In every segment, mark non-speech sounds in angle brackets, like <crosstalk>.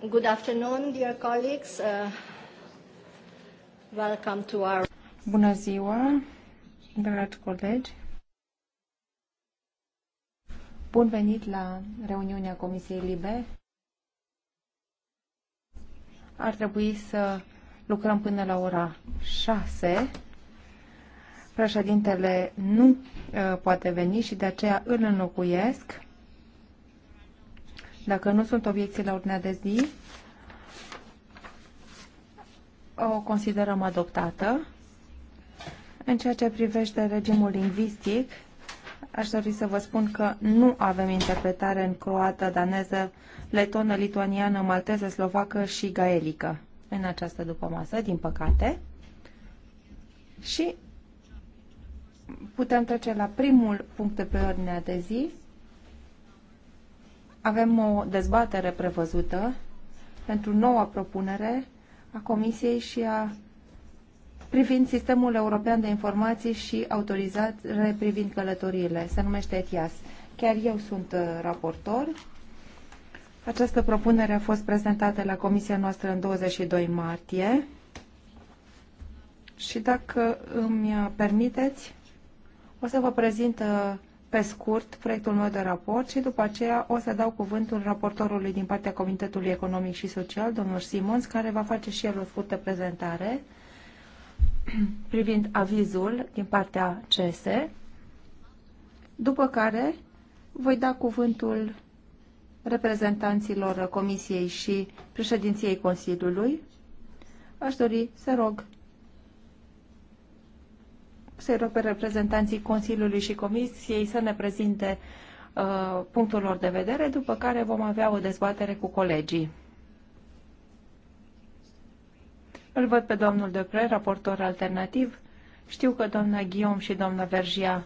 Good afternoon, dear colleagues. Uh, welcome to our... Bună ziua, dragi colegi. Bun venit la reuniunea Comisiei Libe. Ar trebui să lucrăm până la ora 6. Președintele nu uh, poate veni și de aceea îl înlocuiesc dacă nu sunt obiecții la ordinea de zi, o considerăm adoptată. În ceea ce privește regimul lingvistic, aș dori să vă spun că nu avem interpretare în croată, daneză, letonă, lituaniană, malteză, slovacă și gaelică în această dupămasă, din păcate. Și putem trece la primul punct de pe ordinea de zi, avem o dezbatere prevăzută pentru noua propunere a Comisiei și a privind Sistemul European de Informații și Autorizare privind călătoriile. Se numește ETIAS. Chiar eu sunt uh, raportor. Această propunere a fost prezentată la comisia noastră în 22 martie. Și dacă îmi permiteți, o să vă prezint uh, pe scurt proiectul meu de raport și după aceea o să dau cuvântul raportorului din partea Comitetului Economic și Social, domnul Simons, care va face și el o scurtă prezentare <clears throat> privind avizul din partea CESE, după care voi da cuvântul reprezentanților Comisiei și președinției Consiliului. Aș dori să rog se rog pe reprezentanții Consiliului și Comisiei să ne prezinte uh, punctul lor de vedere, după care vom avea o dezbatere cu colegii. Îl văd pe domnul Depre, raportor alternativ. Știu că doamna Ghiom și doamna Vergia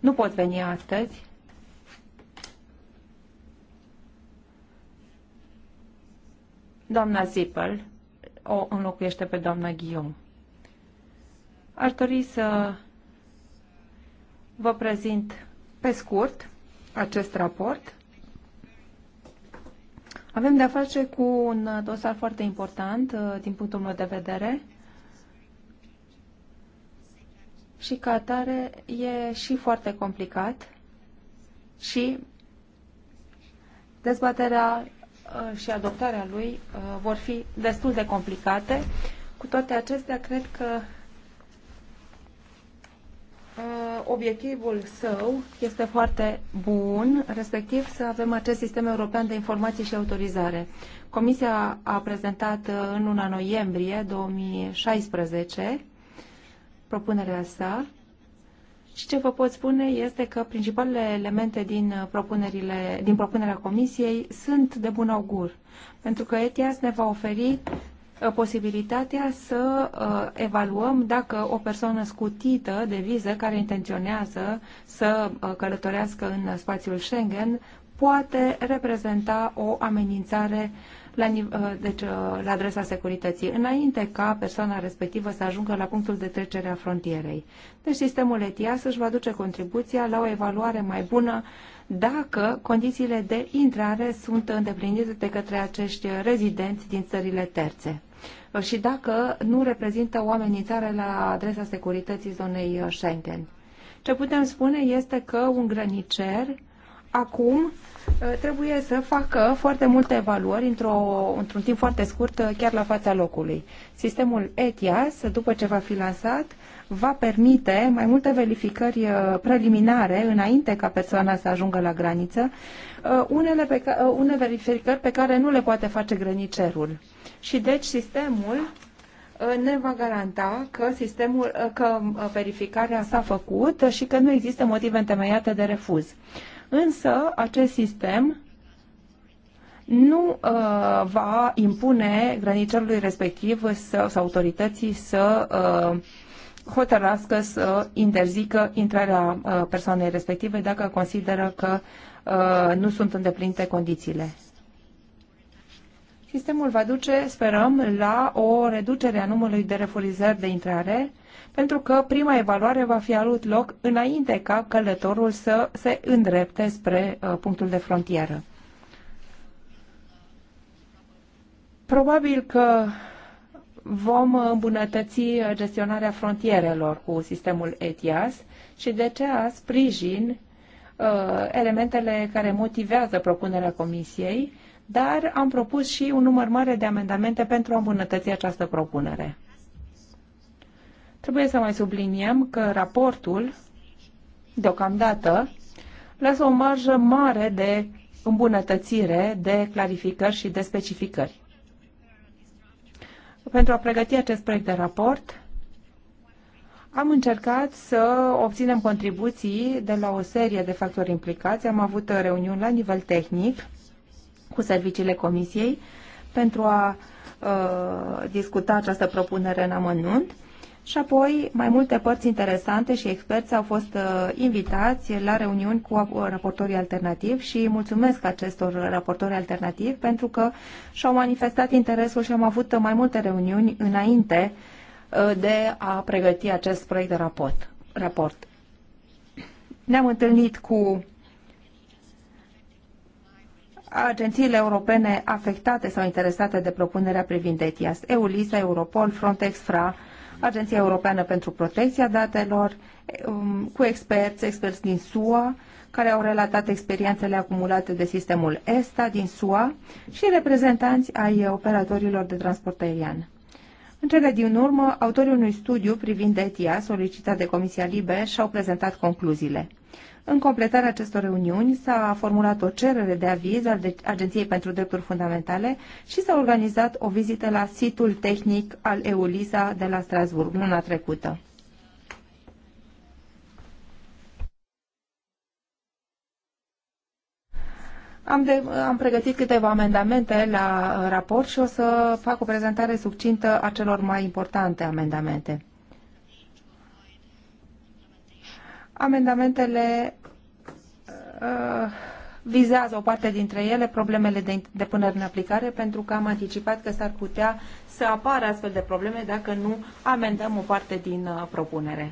nu pot veni astăzi. Doamna Zipel o înlocuiește pe doamna Ghiom. Aș dori să vă prezint pe scurt acest raport. Avem de-a face cu un dosar foarte important uh, din punctul meu de vedere și ca atare e și foarte complicat și dezbaterea uh, și adoptarea lui uh, vor fi destul de complicate. Cu toate acestea, cred că Uh, obiectivul său este foarte bun, respectiv să avem acest sistem european de informații și autorizare. Comisia a prezentat uh, în luna noiembrie 2016 propunerea sa și ce vă pot spune este că principalele elemente din, uh, propunerile, din propunerea Comisiei sunt de bun augur, pentru că ETIAS ne va oferi Uh, posibilitatea să uh, evaluăm dacă o persoană scutită de viză care intenționează să uh, călătorească în spațiul Schengen poate reprezenta o amenințare la, deci, la adresa securității, înainte ca persoana respectivă să ajungă la punctul de trecere a frontierei. Deci sistemul ETIAS își va duce contribuția la o evaluare mai bună dacă condițiile de intrare sunt îndeplinite de către acești rezidenți din țările terțe și dacă nu reprezintă o amenințare la adresa securității zonei Schengen. Ce putem spune este că un grănicer acum uh, trebuie să facă foarte multe evaluări într într-un timp foarte scurt uh, chiar la fața locului. Sistemul ETIAS, după ce va fi lansat, va permite mai multe verificări uh, preliminare înainte ca persoana să ajungă la graniță, unele, pe ca, unele verificări pe care nu le poate face grănicerul. Și deci sistemul ne va garanta că sistemul, că verificarea s-a făcut și că nu există motive întemeiate de refuz. Însă, acest sistem nu uh, va impune granițelului respectiv să, sau autorității să uh, hotărască să interzică intrarea uh, persoanei respective dacă consideră că uh, nu sunt îndeplinite condițiile. Sistemul va duce, sperăm, la o reducere a numărului de refurizări de intrare pentru că prima evaluare va fi avut loc înainte ca călătorul să se îndrepte spre uh, punctul de frontieră. Probabil că vom îmbunătăți gestionarea frontierelor cu sistemul ETIAS și de ce a sprijin uh, elementele care motivează propunerea Comisiei, dar am propus și un număr mare de amendamente pentru a îmbunătăți această propunere. Trebuie să mai subliniem că raportul, deocamdată, lasă o marjă mare de îmbunătățire, de clarificări și de specificări. Pentru a pregăti acest proiect de raport, am încercat să obținem contribuții de la o serie de factori implicați. Am avut reuniuni la nivel tehnic cu serviciile Comisiei pentru a uh, discuta această propunere în amănunt și apoi, mai multe părți interesante și experți au fost uh, invitați la reuniuni cu uh, raportorii alternativi și mulțumesc acestor raportori alternativi pentru că și-au manifestat interesul și am avut mai multe reuniuni înainte uh, de a pregăti acest proiect de raport. raport. Ne-am întâlnit cu agențiile europene afectate sau interesate de propunerea privind ETIAS, EULISA, Europol, Frontex, FRA, Agenția Europeană pentru Protecția Datelor, um, cu experți, experți din SUA, care au relatat experiențele acumulate de sistemul ESTA din SUA și reprezentanți ai operatorilor de transport aerian. În cele din urmă, autorii unui studiu privind ETIA solicitat de Comisia Libe și-au prezentat concluziile. În completarea acestor reuniuni s-a formulat o cerere de aviz al deci- Agenției pentru Drepturi Fundamentale și s-a organizat o vizită la situl tehnic al EULISA de la Strasburg luna trecută. Am, de, am pregătit câteva amendamente la uh, raport și o să fac o prezentare succintă a celor mai importante amendamente. Amendamentele uh, vizează o parte dintre ele problemele de, de până în aplicare, pentru că am anticipat că s-ar putea să apară astfel de probleme dacă nu amendăm o parte din uh, propunere.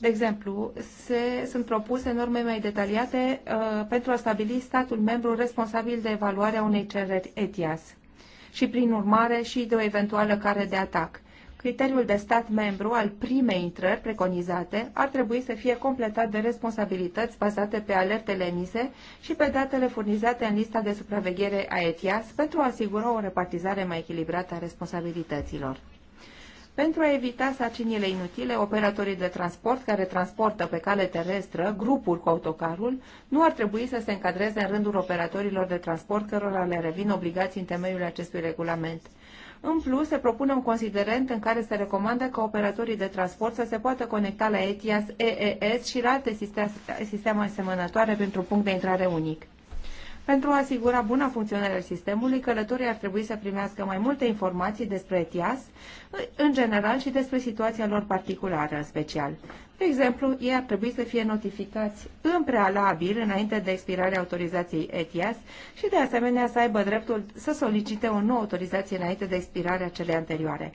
De exemplu, se, sunt propuse norme mai detaliate uh, pentru a stabili statul membru responsabil de evaluarea unei cereri ETIAS și, prin urmare, și de o eventuală care de atac criteriul de stat membru al primei intrări preconizate ar trebui să fie completat de responsabilități bazate pe alertele emise și pe datele furnizate în lista de supraveghere a ETIAS pentru a asigura o repartizare mai echilibrată a responsabilităților. Pentru a evita sacinile inutile, operatorii de transport care transportă pe cale terestră grupuri cu autocarul nu ar trebui să se încadreze în rândul operatorilor de transport cărora le revin obligații în temeiul acestui regulament. În plus, se propune un considerent în care se recomandă că operatorii de transport să se poată conecta la ETIAS, EES și la alte sisteme asemănătoare pentru punct de intrare unic. Pentru a asigura buna funcționare a sistemului, călătorii ar trebui să primească mai multe informații despre ETIAS, în general și despre situația lor particulară, în special. De exemplu, ei ar trebui să fie notificați în prealabil, înainte de expirarea autorizației ETIAS și, de asemenea, să aibă dreptul să solicite o nouă autorizație înainte de expirarea celei anterioare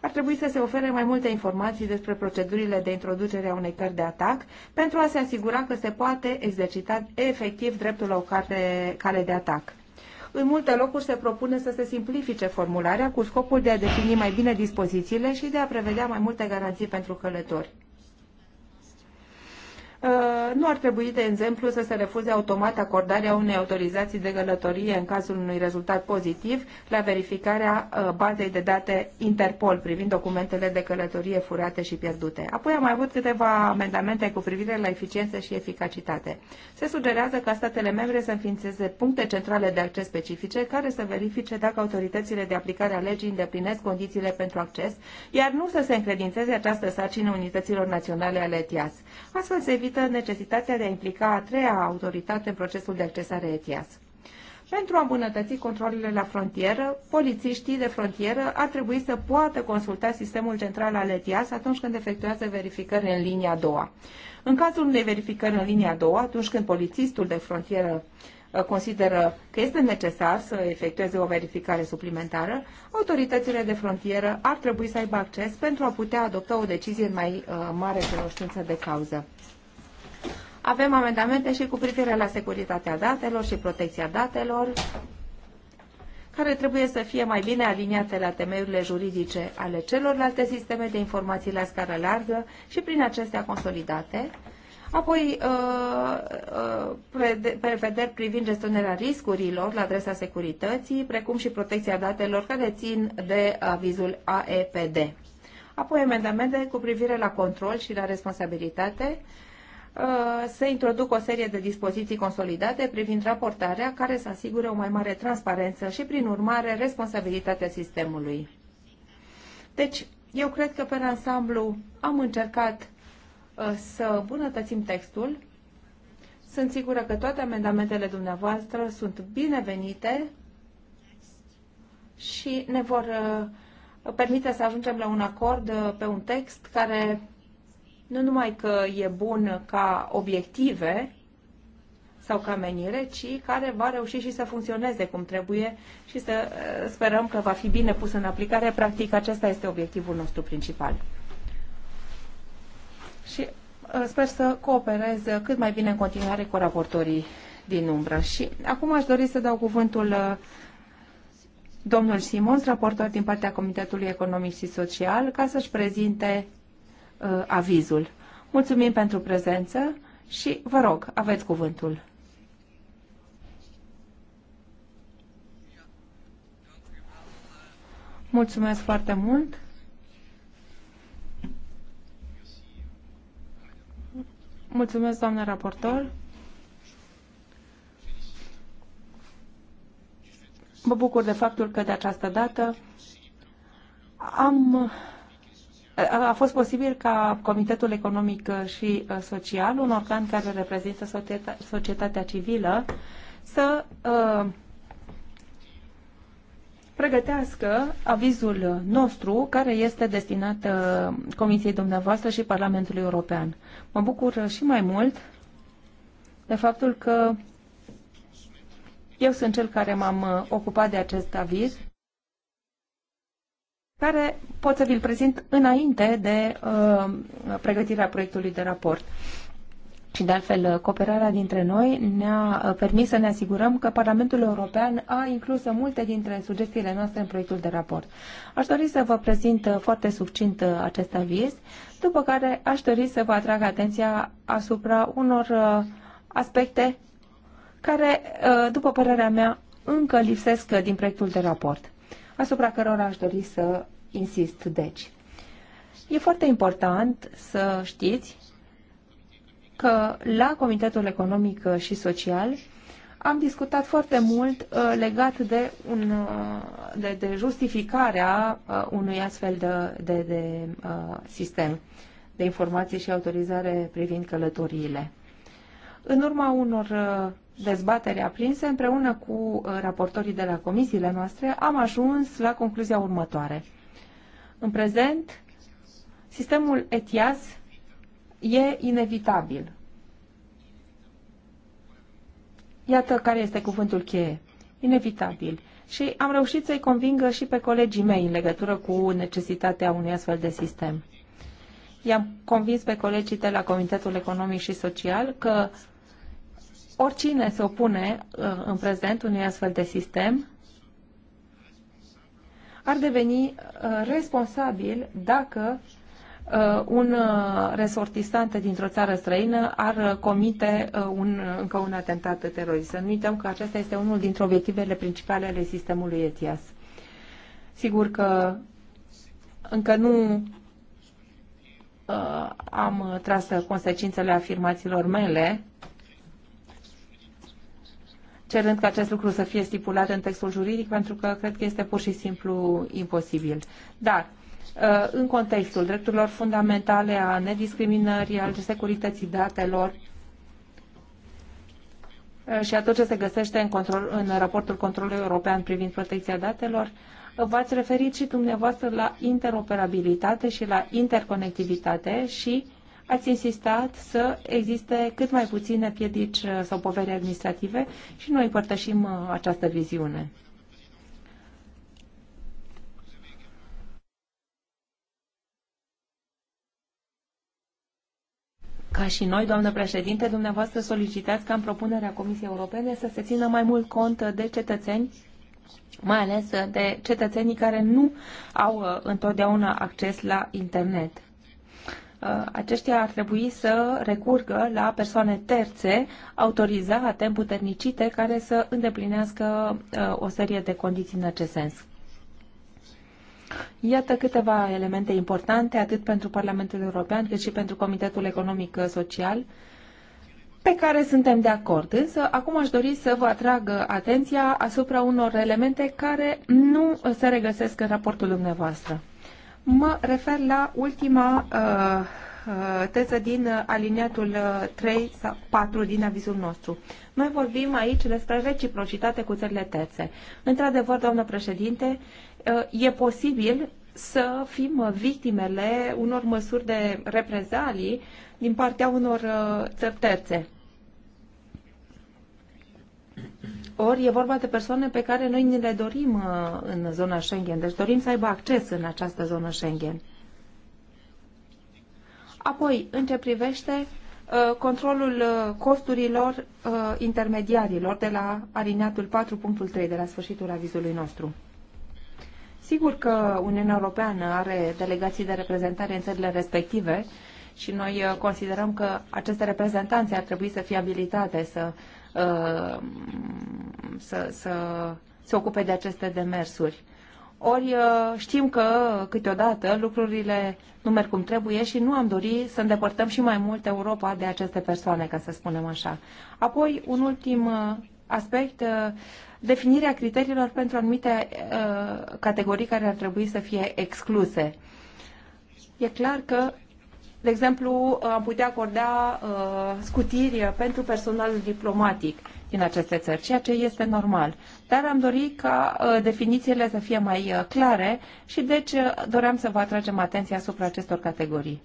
ar trebui să se ofere mai multe informații despre procedurile de introducere a unei cărți de atac pentru a se asigura că se poate exercita efectiv dreptul la o carte, cale de atac. În multe locuri se propune să se simplifice formularea cu scopul de a defini mai bine dispozițiile și de a prevedea mai multe garanții pentru călători. Uh, nu ar trebui, de exemplu, să se refuze automat acordarea unei autorizații de călătorie în cazul unui rezultat pozitiv la verificarea uh, bazei de date Interpol privind documentele de călătorie furate și pierdute. Apoi am mai avut câteva amendamente cu privire la eficiență și eficacitate. Se sugerează ca statele membre să înființeze puncte centrale de acces specifice care să verifice dacă autoritățile de aplicare a legii îndeplinesc condițiile pentru acces, iar nu să se încredințeze această sarcină unităților naționale ale TIAS. Astfel se evită necesitatea de a implica a treia autoritate în procesul de accesare ETIAS. Pentru a îmbunătăți controlele la frontieră, polițiștii de frontieră ar trebui să poată consulta sistemul central al ETIAS atunci când efectuează verificări în linia a doua. În cazul unei verificări în linia a doua, atunci când polițistul de frontieră uh, consideră că este necesar să efectueze o verificare suplimentară, autoritățile de frontieră ar trebui să aibă acces pentru a putea adopta o decizie în mai uh, mare cunoștință de cauză. Avem amendamente și cu privire la securitatea datelor și protecția datelor, care trebuie să fie mai bine aliniate la temeiurile juridice ale celorlalte sisteme de informații la scară largă și prin acestea consolidate, Apoi, uh, uh, prevederi privind gestionarea riscurilor la adresa securității, precum și protecția datelor care țin de avizul AEPD. Apoi, amendamente cu privire la control și la responsabilitate, Uh, se introduc o serie de dispoziții consolidate privind raportarea care să asigure o mai mare transparență și, prin urmare, responsabilitatea sistemului. Deci, eu cred că pe ansamblu am încercat uh, să îmbunătățim textul. Sunt sigură că toate amendamentele dumneavoastră sunt binevenite și ne vor uh, permite să ajungem la un acord pe un text care nu numai că e bun ca obiective sau ca menire, ci care va reuși și să funcționeze cum trebuie și să uh, sperăm că va fi bine pus în aplicare. Practic, acesta este obiectivul nostru principal. Și uh, sper să cooperez cât mai bine în continuare cu raportorii din umbră. Și acum aș dori să dau cuvântul uh, domnul Simons, raportor din partea Comitetului Economic și Social, ca să-și prezinte Uh, avizul. Mulțumim pentru prezență și vă rog, aveți cuvântul. Mulțumesc foarte mult. Mulțumesc, doamnă raportor. Mă bucur de faptul că de această dată am a fost posibil ca Comitetul Economic și uh, Social, un organ care reprezintă societatea civilă, să uh, pregătească avizul nostru care este destinat uh, Comisiei dumneavoastră și Parlamentului European. Mă bucur și mai mult de faptul că eu sunt cel care m-am ocupat de acest aviz care pot să vi-l prezint înainte de uh, pregătirea proiectului de raport. Și de altfel, uh, cooperarea dintre noi ne-a uh, permis să ne asigurăm că Parlamentul European a inclus multe dintre sugestiile noastre în proiectul de raport. Aș dori să vă prezint uh, foarte succint acest aviz, după care aș dori să vă atrag atenția asupra unor aspecte care, după părerea mea, încă lipsesc din proiectul de raport asupra cărora aș dori să insist. Deci, e foarte important să știți că la Comitetul Economic și Social am discutat foarte mult uh, legat de, un, uh, de, de justificarea uh, unui astfel de, de, de uh, sistem de informații și autorizare privind călătoriile. În urma unor uh, dezbatere aprinse, împreună cu uh, raportorii de la comisiile noastre, am ajuns la concluzia următoare. În prezent, sistemul ETIAS e inevitabil. Iată care este cuvântul cheie. Inevitabil. Și am reușit să-i convingă și pe colegii mei în legătură cu necesitatea unui astfel de sistem. I-am convins pe colegii de la Comitetul Economic și Social că oricine se opune uh, în prezent unui astfel de sistem ar deveni uh, responsabil dacă uh, un resortistant dintr-o țară străină ar comite un, încă un atentat terorist. Să nu uităm că acesta este unul dintre obiectivele principale ale sistemului ETIAS. Sigur că încă nu am tras consecințele afirmațiilor mele, cerând ca acest lucru să fie stipulat în textul juridic, pentru că cred că este pur și simplu imposibil. Dar, uh, în contextul drepturilor fundamentale, a nediscriminării, al securității datelor uh, și a tot ce se găsește în, control, în raportul Controlului European privind protecția datelor, v-ați referit și dumneavoastră la interoperabilitate și la interconectivitate și ați insistat să existe cât mai puține piedici uh, sau povere administrative și noi împărtășim uh, această viziune. Ca și noi, doamnă președinte, dumneavoastră solicitați ca în propunerea Comisiei Europene să se țină mai mult cont uh, de cetățeni mai ales de cetățenii care nu au întotdeauna acces la internet. Uh, aceștia ar trebui să recurgă la persoane terțe autorizate, împuternicite, care să îndeplinească uh, o serie de condiții în acest sens. Iată câteva elemente importante, atât pentru Parlamentul European, cât și pentru Comitetul Economic uh, Social, pe care suntem de acord. Însă, acum aș dori să vă atrag atenția asupra unor elemente care nu se regăsesc în raportul dumneavoastră. Mă refer la ultima uh, uh teză din uh, aliniatul 3 uh, sau 4 din avizul nostru. Noi vorbim aici despre reciprocitate cu țările terțe. Într-adevăr, doamnă președinte, e posibil să fim victimele unor măsuri de reprezalii din partea unor țări terțe. Ori e vorba de persoane pe care noi ni le dorim uh, în zona Schengen, deci dorim să aibă acces în această zonă Schengen. Apoi, în ce privește uh, controlul uh, costurilor intermediarilor de la alineatul 4.3 de la sfârșitul avizului nostru. Sigur că Uniunea Europeană are delegații de reprezentare în țările respective și noi considerăm că aceste reprezentanțe ar trebui să fie abilitate să Uh, să, să se ocupe de aceste demersuri. Ori uh, știm că câteodată lucrurile nu merg cum trebuie și nu am dori să îndepărtăm și mai mult Europa de aceste persoane, ca să spunem așa. Apoi, un ultim uh, aspect, definirea criteriilor pentru anumite categorii care ar trebui să fie excluse. E clar că de exemplu, am putea acorda uh, scutiri pentru personalul diplomatic din aceste țări, ceea ce este normal. Dar am dorit ca uh, definițiile să fie mai uh, clare și deci doream să vă atragem atenția asupra acestor categorii.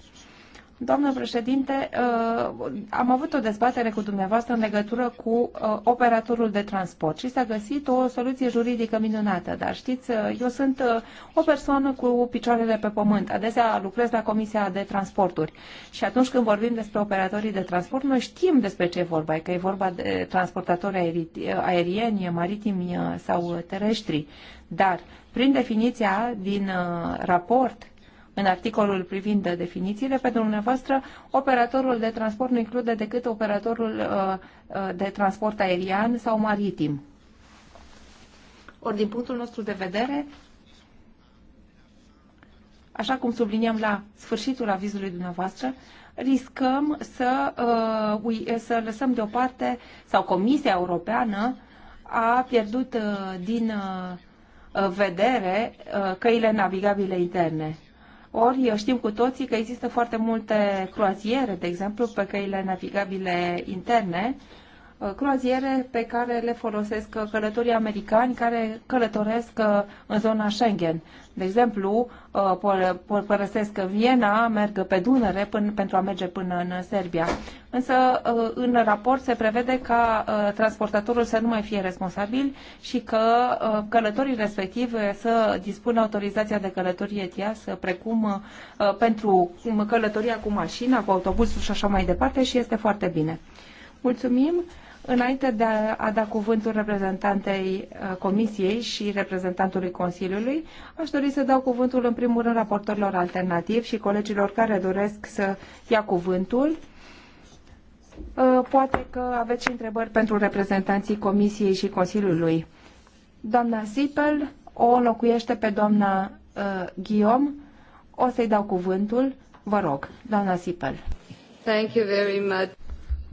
Doamnă președinte, uh, am avut o dezbatere cu dumneavoastră în legătură cu uh, operatorul de transport și s-a găsit o soluție juridică minunată, dar știți, uh, eu sunt o persoană cu picioarele pe pământ. Adesea lucrez la Comisia de Transporturi și atunci când vorbim despre operatorii de transport, noi știm despre ce e vorba, că e vorba de transportatori aerieni, maritimi sau terestri. Dar, prin definiția din raport, în articolul privind de definițiile, pentru dumneavoastră, operatorul de transport nu include decât operatorul uh, uh, de transport aerian sau maritim. Ori din punctul nostru de vedere, așa cum subliniam la sfârșitul avizului dumneavoastră, riscăm să, uh, să lăsăm deoparte, sau Comisia Europeană a pierdut uh, din uh, vedere uh, căile navigabile interne. Ori știm cu toții că există foarte multe croaziere, de exemplu, pe căile navigabile interne, Uh, croaziere pe care le folosesc uh, călătorii americani care călătoresc uh, în zona Schengen. De exemplu, părăsesc Viena, merg pe Dunăre până, pentru a merge până în Serbia. Însă, în raport se prevede ca transportatorul să nu mai fie responsabil și că călătorii respectivi să dispună autorizația de călătorie TIAS, precum pentru călătoria cu mașina, cu autobuzul și așa mai departe și este foarte bine. Mulțumim! Înainte de a da cuvântul reprezentantei uh, Comisiei și reprezentantului Consiliului, aș dori să dau cuvântul în primul rând raportorilor alternativi și colegilor care doresc să ia cuvântul. Uh, poate că aveți și întrebări pentru reprezentanții Comisiei și Consiliului. Doamna Sipel o locuiește pe doamna uh, Guillaume. O să-i dau cuvântul. Vă rog, doamna Sipel. Thank you very much.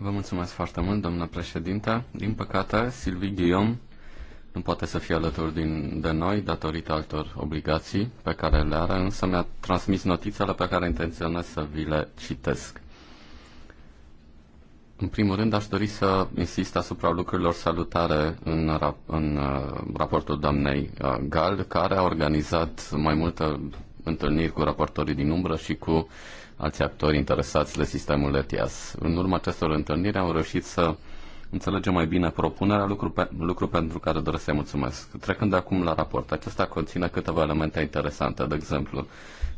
Vă mulțumesc foarte mult, domnule președinte. Din păcate, Silvii Guillaume nu poate să fie alături din, de noi datorită altor obligații pe care le are, însă mi-a transmis notițele pe care intenționez să vi le citesc. În primul rând, aș dori să insist asupra lucrurilor salutare în, rap- în uh, raportul doamnei uh, Gal, care a organizat mai multe întâlniri cu raportorii din umbră și cu alți actori interesați de sistemul ETIAS. În urma acestor întâlniri am reușit să înțelegem mai bine propunerea, lucru, pe, lucru pentru care doresc să-i mulțumesc. Trecând acum la raport, acesta conține câteva elemente interesante, de exemplu,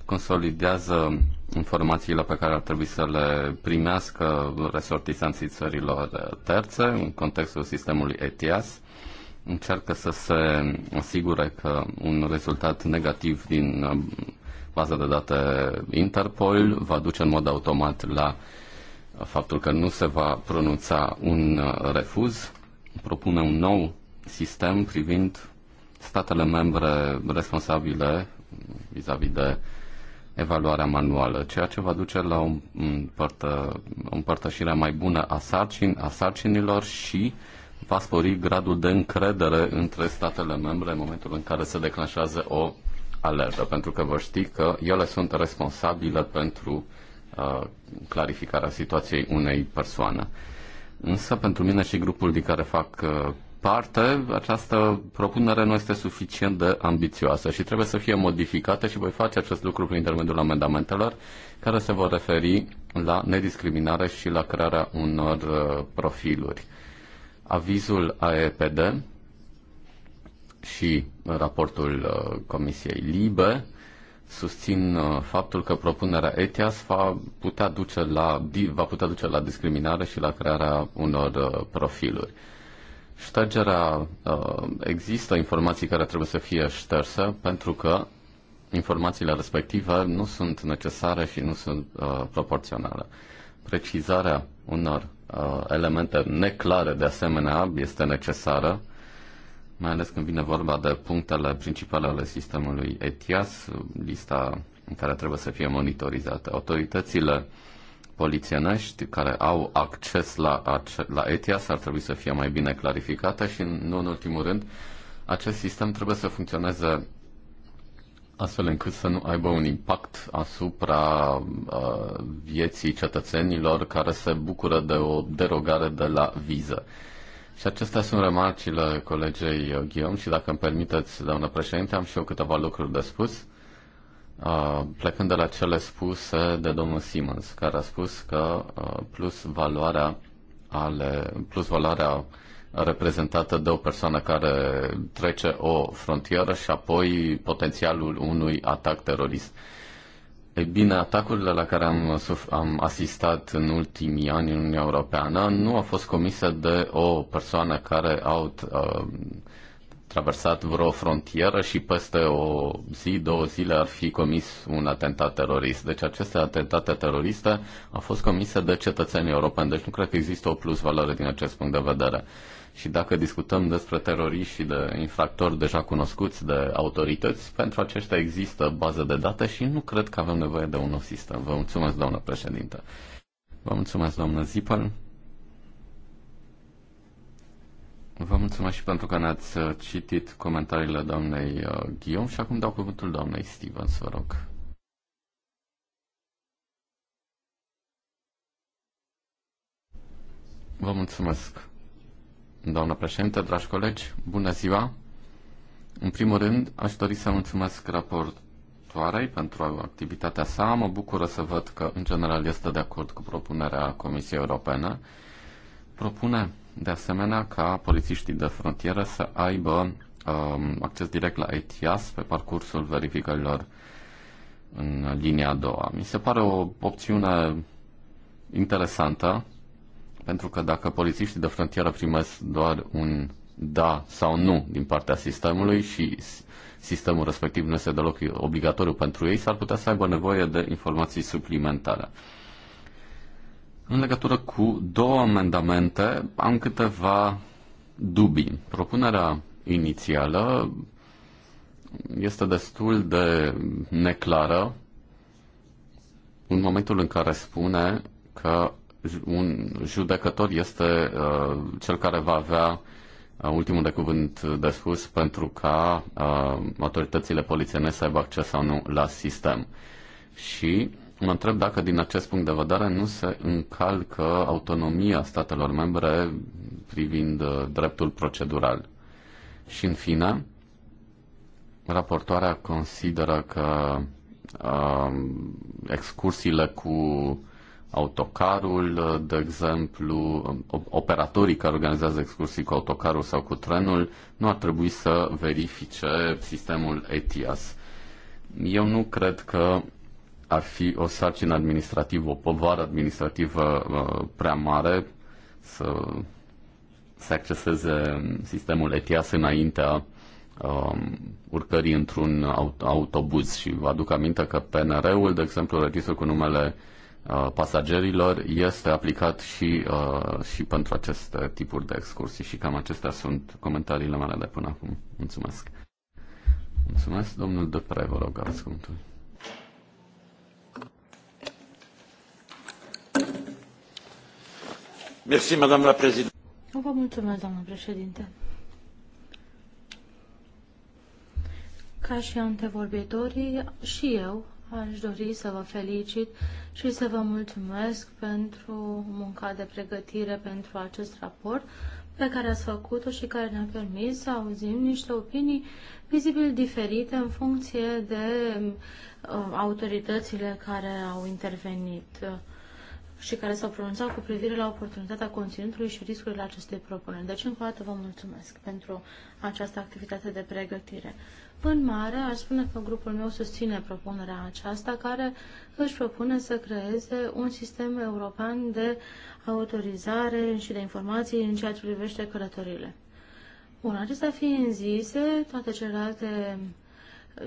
consolidează informațiile pe care ar trebui să le primească resortisanții țărilor terțe în contextul sistemului ETIAS, încearcă să se asigure că un rezultat negativ din baza de date Interpol va duce în mod automat la faptul că nu se va pronunța un uh, refuz. Propune un nou sistem privind statele membre responsabile vis-a-vis -vis de evaluarea manuală, ceea ce va duce la o, împărtă, o împărtășire mai bună a, sarcin, a sarcinilor și va spori gradul de încredere între statele membre în momentul în care se declanșează o alertă, pentru că vor ști că ele sunt responsabile pentru uh, clarificarea situației unei persoane. Însă, pentru mine și grupul din care fac uh, parte, această propunere nu este suficient de ambițioasă și trebuie să fie modificată și voi face acest lucru prin intermediul amendamentelor care se vor referi la nediscriminare și la crearea unor uh, profiluri. Avizul AEPD și raportul uh, Comisiei Libe susțin uh, faptul că propunerea ETIAS va putea duce la, va putea duce la discriminare și la crearea unor uh, profiluri. Ștergerea, există informații care trebuie să fie șterse pentru că informațiile respective nu sunt necesare și nu sunt proporționale. Precizarea unor elemente neclare de asemenea este necesară mai ales când vine vorba de punctele principale ale sistemului ETIAS, lista în care trebuie să fie monitorizată. Autoritățile polițienești care au acces la, la ETIAS ar trebui să fie mai bine clarificate și, nu în ultimul rând, acest sistem trebuie să funcționeze astfel încât să nu aibă un impact asupra uh, vieții cetățenilor care se bucură de o derogare de la viză. Uh, și acestea sunt remarcile colegei Ghiom și dacă îmi permiteți, doamnă președinte, am și eu câteva lucruri de spus, uh, plecând de la cele spuse de domnul Simons, care a spus că uh, plus valoarea, ale, plus valoarea reprezentată de o persoană care trece o frontieră și apoi potențialul unui atac terorist. Uh, ei bine, atacurile la care am, am asistat în ultimii ani în Uniunea Europeană nu au fost comise de o persoană care au uh, traversat vreo frontieră și peste o zi, două zile ar fi comis un atentat terorist. Deci aceste atentate teroriste au fost comise de cetățenii europeni, deci nu cred că există o plus valoare din acest punct de vedere. Uh, și dacă discutăm despre teroriști și de infractori deja cunoscuți de autorități, pentru aceștia există bază de date și nu cred că avem nevoie de un nou sistem. Vă mulțumesc, doamnă președintă. Vă mulțumesc, doamnă Zipăl. Vă mulțumesc și pentru că ne-ați uh, citit comentariile doamnei uh, Ghion și acum dau cuvântul doamnei Stevens, vă rog. Vă mulțumesc. Doamna președinte, dragi colegi, bună ziua! În primul rând, aș dori să mulțumesc raportoarei pentru activitatea sa. Mă bucură să văd că, în general, este de acord cu propunerea Comisiei Europene. Propune, de asemenea, ca polițiștii de frontieră să aibă um, acces direct la ETIAS pe parcursul verificărilor în linia a doua. Mi se pare o opțiune interesantă pentru că dacă polițiștii de frontieră primesc doar un da sau nu din partea sistemului și sistemul respectiv nu este deloc obligatoriu pentru ei, s-ar putea să aibă nevoie de informații suplimentare. În legătură cu două amendamente, am câteva dubii. Propunerea inițială este destul de neclară în momentul în care spune că un judecător este uh, cel care va avea uh, ultimul de cuvânt de spus pentru ca uh, autoritățile polițienești să aibă acces sau nu la sistem. Și mă întreb dacă din acest punct de vedere nu se încalcă autonomia statelor membre privind uh, dreptul procedural. Și în fine, raportoarea consideră că uh, excursiile cu autocarul, de exemplu, operatorii care organizează excursii cu autocarul sau cu trenul, nu ar trebui să verifice sistemul ETIAS. Eu nu cred că ar fi o sarcină administrativă, o povară administrativă uh, prea mare să se acceseze sistemul ETIAS înaintea um, urcării într-un autobuz. Și vă aduc aminte că PNR-ul, de exemplu, registrul cu numele uh, Uh, pasagerilor este aplicat și, uh, și pentru aceste tipuri de excursii și cam acestea sunt comentariile mele de până acum. Mulțumesc. Mulțumesc, domnul Dupre, vă rog, aveți Mersi, madame la președinte. Vă mulțumesc, doamnă președinte. Ca și antevorbitorii, și eu aș dori să vă felicit și să vă mulțumesc pentru munca de pregătire pentru acest raport pe care ați făcut-o și care ne-a permis să auzim niște opinii vizibil diferite în funcție de uh, autoritățile care au intervenit uh, și care s-au pronunțat cu privire la oportunitatea conținutului și riscurile acestei propuneri. Deci, încă o dată, vă mulțumesc pentru această activitate de pregătire. În mare, aș spune că grupul meu susține propunerea aceasta, care își propune să creeze un sistem european de autorizare și de informații în ceea ce privește călătorile. Bun, acestea fiind zise, toate celelalte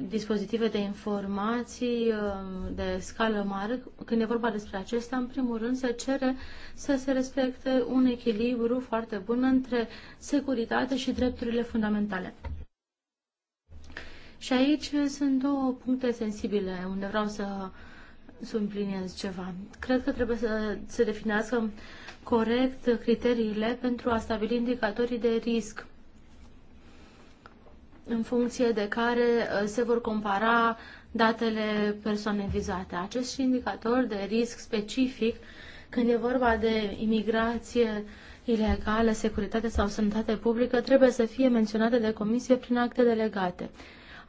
dispozitive de informații um, de scală mare, când e vorba despre acestea, în primul rând se cere să se respecte un echilibru foarte bun între securitate și drepturile fundamentale. Și aici sunt două puncte sensibile unde vreau să subliniez ceva. Cred că trebuie să se definească corect criteriile pentru a stabili indicatorii de risc în funcție de care uh, se vor compara datele persoane vizate. Acest indicator de risc specific, când e vorba de imigrație ilegală, securitate sau sănătate publică, trebuie să fie menționate de comisie prin acte delegate.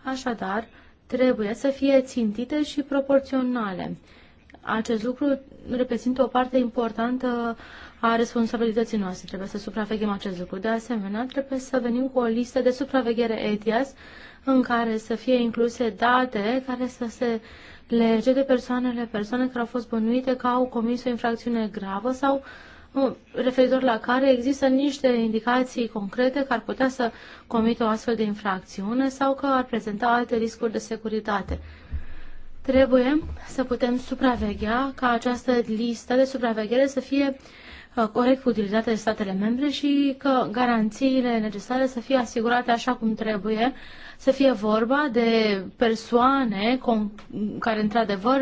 Așadar, trebuie să fie țintite și proporționale. Acest lucru reprezintă o parte importantă a responsabilității noastre. Trebuie să supraveghem acest lucru. De asemenea, trebuie să venim cu o listă de supraveghere ETIAS în care să fie incluse date care să se lege de persoanele, persoane care au fost bănuite că au comis o infracțiune gravă sau uh, referitor la care există niște indicații concrete că ar putea să comită o astfel de infracțiune sau că ar prezenta alte riscuri de securitate. Trebuie să putem supraveghea ca această listă de supraveghere să fie uh, corect utilizate de statele membre și că garanțiile necesare să fie asigurate așa cum trebuie, să fie vorba de persoane care într-adevăr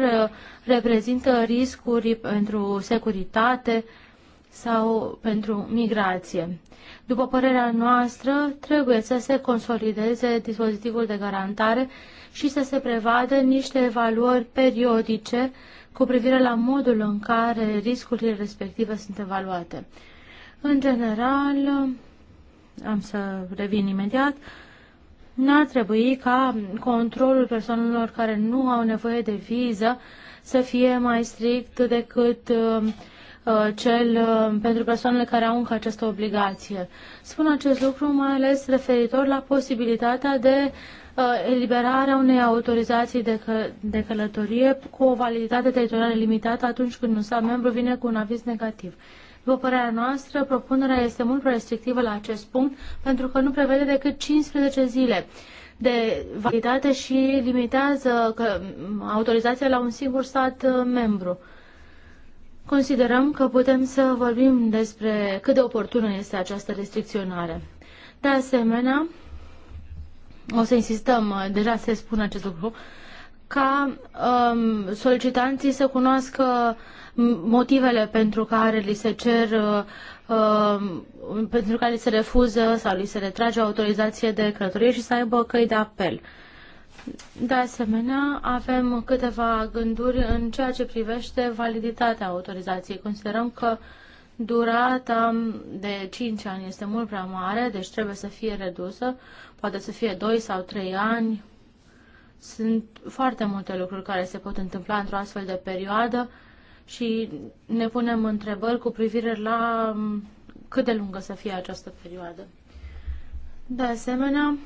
reprezintă riscuri pentru securitate, sau pentru migrație. După părerea noastră, trebuie să se consolideze dispozitivul de garantare și să se prevadă niște evaluări periodice cu privire la modul în care riscurile respective sunt evaluate. În general, am să revin imediat, n-ar trebui ca controlul persoanelor care nu au nevoie de viză să fie mai strict decât uh, Uh, cel uh, pentru persoanele care au încă această obligație. Spun acest lucru mai ales referitor la posibilitatea de uh, eliberarea unei autorizații de, că, de călătorie cu o validitate teritorială limitată atunci când un stat membru vine cu un aviz negativ. După părerea noastră, propunerea este mult prea restrictivă la acest punct, pentru că nu prevede decât 15 zile de validitate și limitează că, autorizația la un singur stat membru. Considerăm că putem să vorbim despre cât de oportună este această restricționare. De asemenea, o să insistăm, deja se spune acest lucru, ca um, solicitanții să cunoască motivele pentru care li se cer, uh, um, pentru care li se refuză sau li se retrage autorizație de călătorie și să aibă căi de apel. Uh, de asemenea, avem câteva gânduri în ceea ce privește validitatea autorizației. Considerăm că durata de 5 ani este mult prea mare, deci trebuie să fie redusă, poate să fie 2 sau 3 ani. Sunt foarte multe lucruri care se pot întâmpla într-o astfel de perioadă și ne punem întrebări cu privire la mm, cât de lungă să fie această perioadă. De asemenea,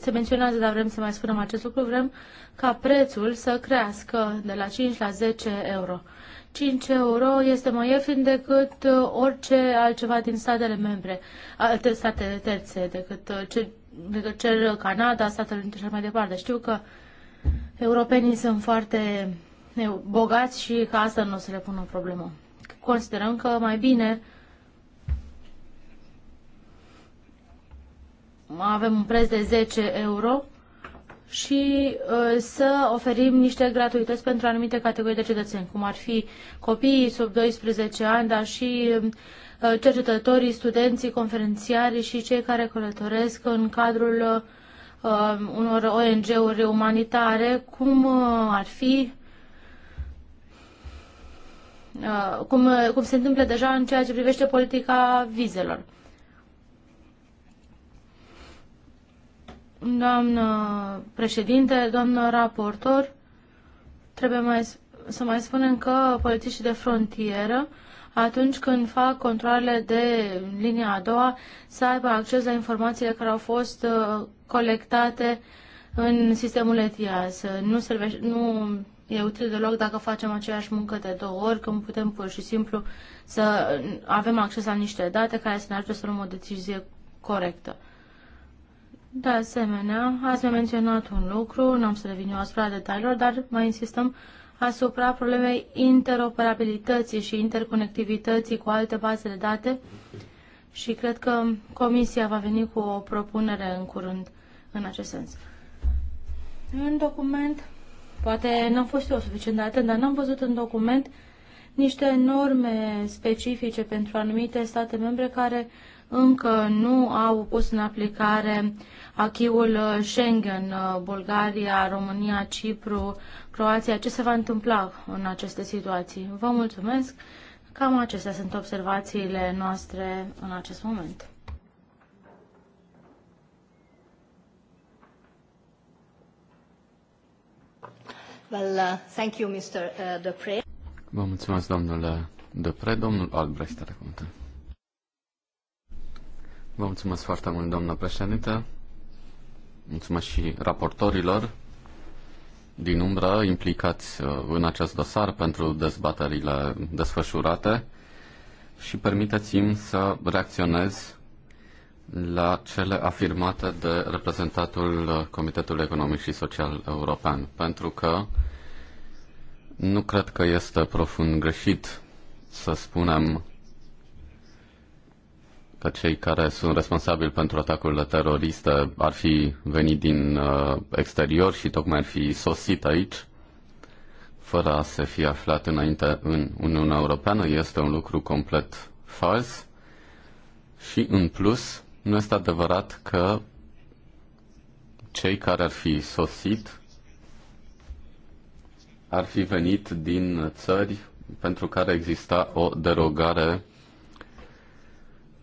se menționează, dar vrem să mai spunem acest lucru, vrem ca prețul să crească de la 5 la 10 euro. 5 euro este mai ieftin decât uh, orice altceva din statele membre, alte state terțe, decât, uh, ce, decât cel Canada, Statele Unite și mai departe. Știu că europenii sunt foarte uh, bogați și că asta nu o să le pună o problemă. Considerăm că mai bine avem un preț de 10 euro și uh, să oferim niște gratuități pentru anumite categorii de cetățeni, cum ar fi copiii sub 12 ani, dar și um, uh, cercetătorii, studenții, conferențiarii și cei care călătoresc în cadrul uh, unor ONG-uri umanitare, cum ar fi cum, cum se întâmplă deja în ceea ce privește politica vizelor. Doamnă președinte, doamnă raportor, trebuie mai, să mai spunem că polițiștii de frontieră, atunci când fac controlele de linia a doua, să aibă acces la informațiile care au fost uh, colectate în sistemul ETIAS. Nu, servește, nu e util deloc dacă facem aceeași muncă de două ori, când putem pur și simplu să avem acces la niște date care să ne ajute să luăm o decizie corectă. De asemenea, ați menționat un lucru, nu am să revin eu asupra detaliilor, dar mai insistăm asupra problemei interoperabilității și interconectivității cu alte baze de date și cred că Comisia va veni cu o propunere în curând în acest sens. În document, poate nu am fost eu suficient de atent, dar n-am văzut în document niște norme specifice pentru anumite state membre care încă nu au pus în aplicare achiul uh, Schengen, uh, Bulgaria, România, Cipru, Croația. Ce se va întâmpla în aceste situații? Vă mulțumesc! Cam acestea sunt observațiile noastre în acest moment. Well, uh, thank you, Mr. Uh, Vă mulțumesc, domnule Dupre, Domnul Albrecht are cuvântul. Vă mulțumesc foarte mult, doamnă președinte. Mulțumesc și raportorilor din umbră implicați uh, în acest dosar pentru dezbaterile desfășurate și permiteți-mi să reacționez la cele afirmate de reprezentantul Comitetului Economic și Social European, pentru că nu cred că este profund greșit să spunem că cei care sunt responsabili pentru atacurile teroriste ar fi venit din uh, exterior și tocmai ar fi sosit aici, fără a se fi aflat înainte în Uniunea Europeană, este un lucru complet fals și, în plus, nu este adevărat că cei care ar fi sosit ar fi venit din țări pentru care exista o derogare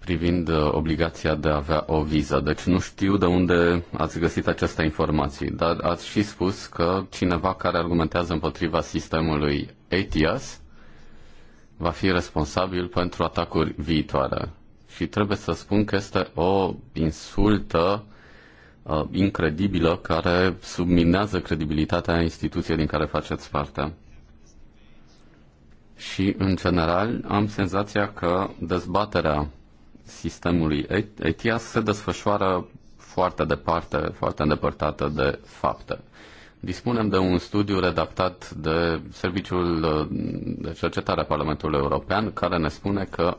privind uh, obligația de a avea o viză. Deci nu știu de unde ați găsit această informație. dar ați și spus că cineva care argumentează împotriva sistemului ATS va fi responsabil pentru atacuri viitoare. Și trebuie să spun că este o insultă uh, incredibilă care subminează credibilitatea instituției din care faceți parte. Și, în general, am senzația că dezbaterea sistemului ETIAS se desfășoară foarte departe, foarte îndepărtată de fapte. Dispunem de un studiu redactat de Serviciul uh, de Cercetare a Parlamentului European care ne spune că,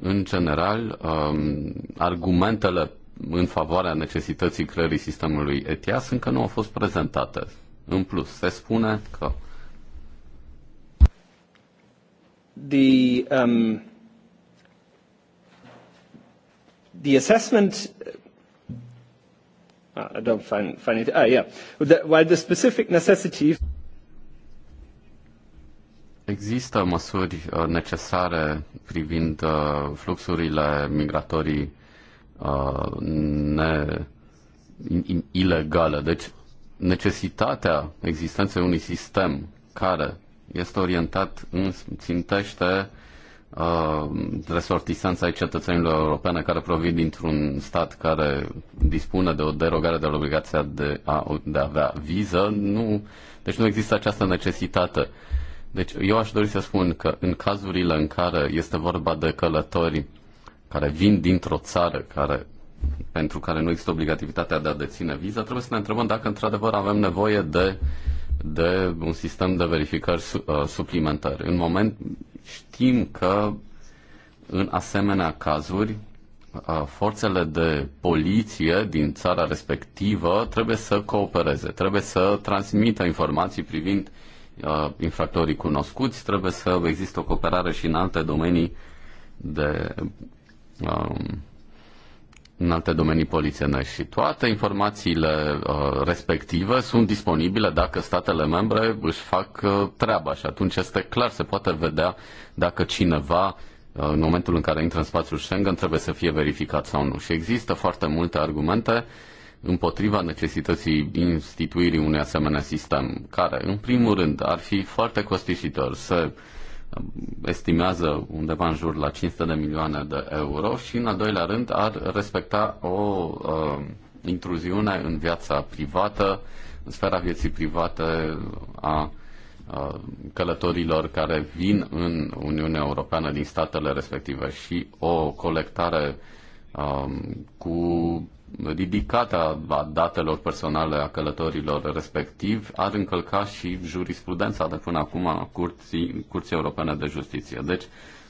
în general, um, argumentele în favoarea necesității creării sistemului ETIAS încă nu au fost prezentate. În plus, se spune că The, um, the assessment uh, I don't find, find it. Ah, yeah. The, while the specific necessity. Există măsuri uh, necesare privind uh, fluxurile migratorii uh, ne, in, ilegale. Deci, necesitatea existenței unui sistem care este orientat în țintește uh, Uh, resortisanța ai cetățenilor europene care provin dintr-un stat care dispune de o derogare de la obligația de a, de a avea viză, nu, deci nu există această necesitate. Deci eu aș dori să spun că în cazurile în care este vorba de călători care vin dintr-o țară care, pentru care nu există obligativitatea de a deține viză, trebuie să ne întrebăm dacă într-adevăr avem nevoie de de un sistem de verificări uh, suplimentare. În moment, Știm că în asemenea cazuri forțele de poliție din țara respectivă trebuie să coopereze, trebuie să transmită informații privind uh, infractorii cunoscuți, trebuie să există o cooperare și în alte domenii de în alte domenii polițienești și toate informațiile uh, respective sunt disponibile dacă statele membre își fac uh, treaba și atunci este clar, se poate vedea dacă cineva uh, în momentul în care intră în spațiul Schengen trebuie să fie verificat sau nu. Și există foarte multe argumente împotriva necesității instituirii unui asemenea sistem, care, în primul rând, ar fi foarte costisitor să uh, estimează undeva în jur la 500 de milioane de euro și, în al doilea rând, ar respecta o uh, intruziune în viața privată, în sfera vieții private a uh, călătorilor care vin în Uniunea Europeană din statele respective și o colectare um, cu ridicată a datelor personale a călătorilor respectiv ar încălca și jurisprudența de până acum a Curții, Curții Europene de Justiție. Deci,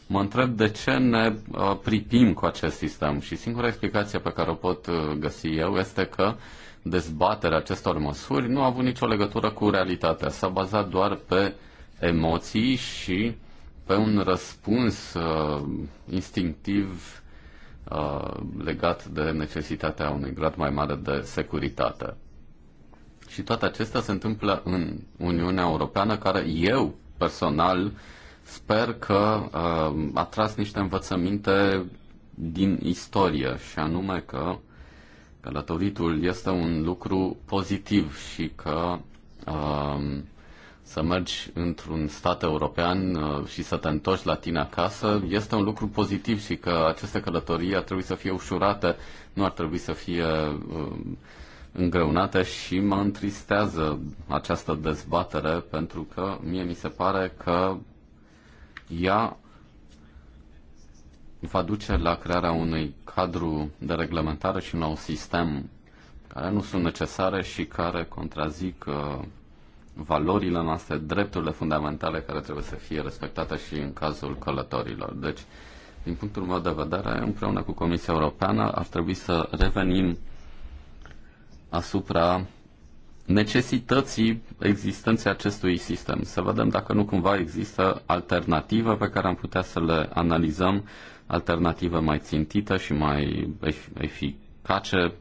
mă întreb de ce ne uh, pripim cu acest sistem și singura explicație pe care o pot uh, găsi eu este că dezbaterea acestor măsuri nu a avut nicio legătură cu realitatea. S-a bazat doar pe emoții și pe un răspuns uh, instinctiv Uh, legat de necesitatea unui grad mai mare de securitate. Și toate acestea se întâmplă în Uniunea Europeană, care eu personal sper că uh, a tras niște învățăminte din istorie, și anume că călătoritul este un lucru pozitiv și că uh, să mergi într-un stat european uh, și să te întorci la tine acasă este un lucru pozitiv și că aceste călătorii ar trebui să fie ușurate, nu ar trebui să fie uh, îngreunate și mă întristează această dezbatere pentru că mie mi se pare că ea va duce la crearea unui cadru de reglementare și un nou sistem care nu sunt necesare și care contrazic uh, valorile noastre, drepturile fundamentale care trebuie să fie respectate și în cazul călătorilor. Deci, din punctul meu de vedere, împreună cu Comisia Europeană ar trebui să revenim asupra necesității existenței acestui sistem. Să vedem dacă nu cumva există alternative pe care am putea să le analizăm, alternative mai țintită și mai eficace.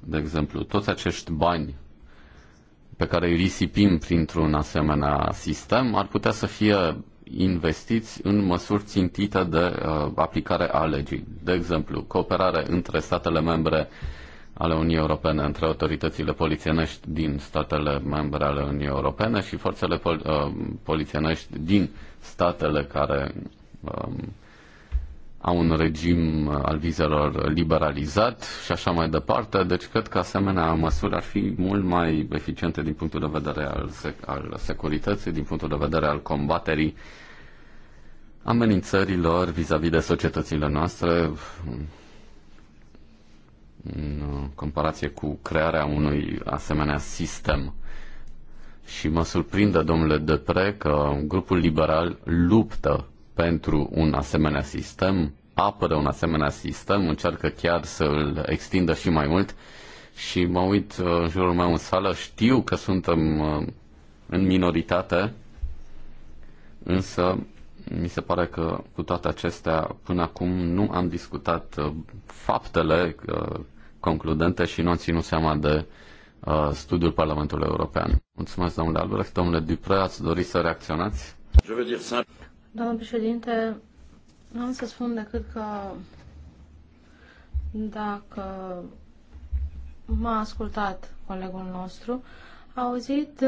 De exemplu, toți acești bani pe care îi risipim printr-un asemenea sistem ar putea să fie investiți în măsuri țintite de uh, aplicare a legii. De exemplu, cooperare între statele membre ale Uniunii Europene, între autoritățile polițienești din statele membre ale Uniunii Europene și forțele pol- uh, polițienești din statele care uh, a un regim uh, al vizelor liberalizat și așa mai departe, deci cred că asemenea măsuri ar fi mult mai eficiente din punctul de vedere al, sec- al securității, din punctul de vedere al combaterii amenințărilor vis-a-vis -vis de societățile noastre în comparație cu crearea unui asemenea sistem. Și mă surprinde, domnule Depre, că grupul liberal luptă pentru un asemenea sistem, apără un asemenea sistem, încearcă chiar să îl extindă și mai mult și mă uit uh, în jurul meu în sală, știu că suntem uh, în minoritate, însă mi se pare că cu toate acestea până acum nu am discutat uh, faptele concludente și nu am ținut seama de studiul Parlamentului European. Mulțumesc, domnule Albrecht. Domnule Dupre, ați dori să reacționați? Doamnă președinte, am să spun decât că dacă m-a ascultat colegul nostru, a auzit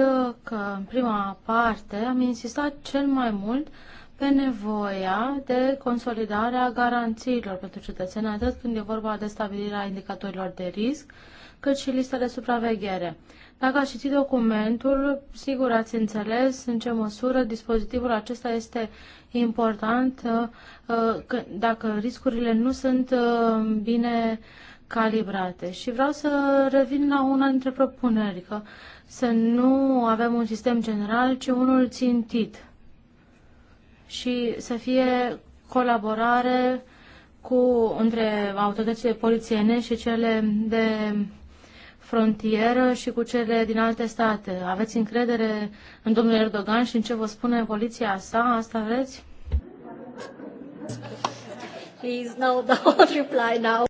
că în prima parte am insistat cel mai mult pe nevoia de consolidarea garanțiilor pentru cetățeni, atât când e vorba de stabilirea indicatorilor de risc, cât și lista de supraveghere. Dacă ați citit documentul, sigur ați înțeles în ce măsură dispozitivul acesta este important uh, uh, dacă riscurile nu sunt uh, bine calibrate. Și vreau să revin la una dintre propuneri, că să nu avem un sistem general, ci unul țintit și să fie colaborare cu, între autoritățile polițiene și cele de frontieră și cu cele din alte state. Aveți încredere în domnul Erdogan și în ce vă spune poliția sa? Asta aveți? Please, no, <laughs> don't reply now.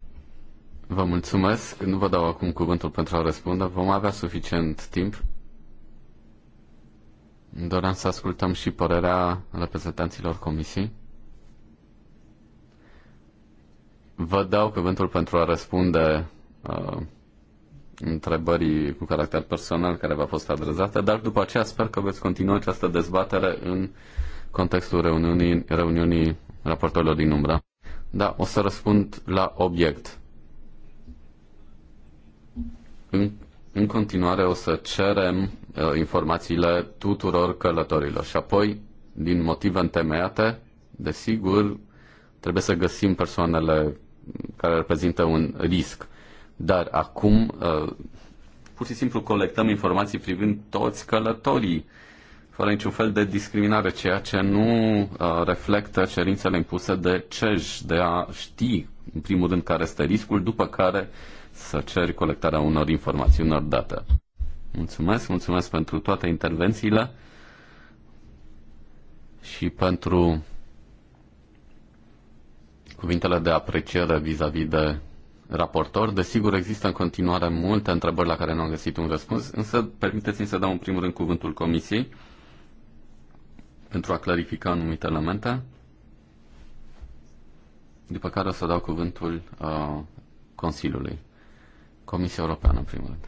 Vă mulțumesc. Nu vă dau acum cuvântul pentru a răspunde. Vom avea suficient timp. Doream să ascultăm și părerea reprezentanților comisiei. Vă dau cuvântul pentru a răspunde uh, întrebării cu caracter personal care v-a fost adresată, dar după aceea sper că veți continua această dezbatere în contextul reuniunii, reuniunii raportorilor din umbra. Da, o să răspund la obiect. În, în continuare o să cerem uh, informațiile tuturor călătorilor și apoi, din motive întemeiate, desigur, trebuie să găsim persoanele care reprezintă un risc. Dar acum uh, pur și simplu colectăm informații privind toți călătorii, fără niciun fel de discriminare, ceea ce nu uh, reflectă cerințele impuse de CEJ, de a ști, în primul rând, care este riscul, după care să ceri colectarea unor informații, unor date. Mulțumesc, mulțumesc pentru toate intervențiile și pentru cuvintele de apreciere vis-a-vis -vis de raportor. Desigur, există în continuare multe întrebări la care nu am găsit un răspuns, însă permiteți-mi să dau în primul rând cuvântul Comisiei pentru a clarifica anumite elemente, după care o să dau cuvântul uh, Consiliului. Comisia Europeană, în primul rând.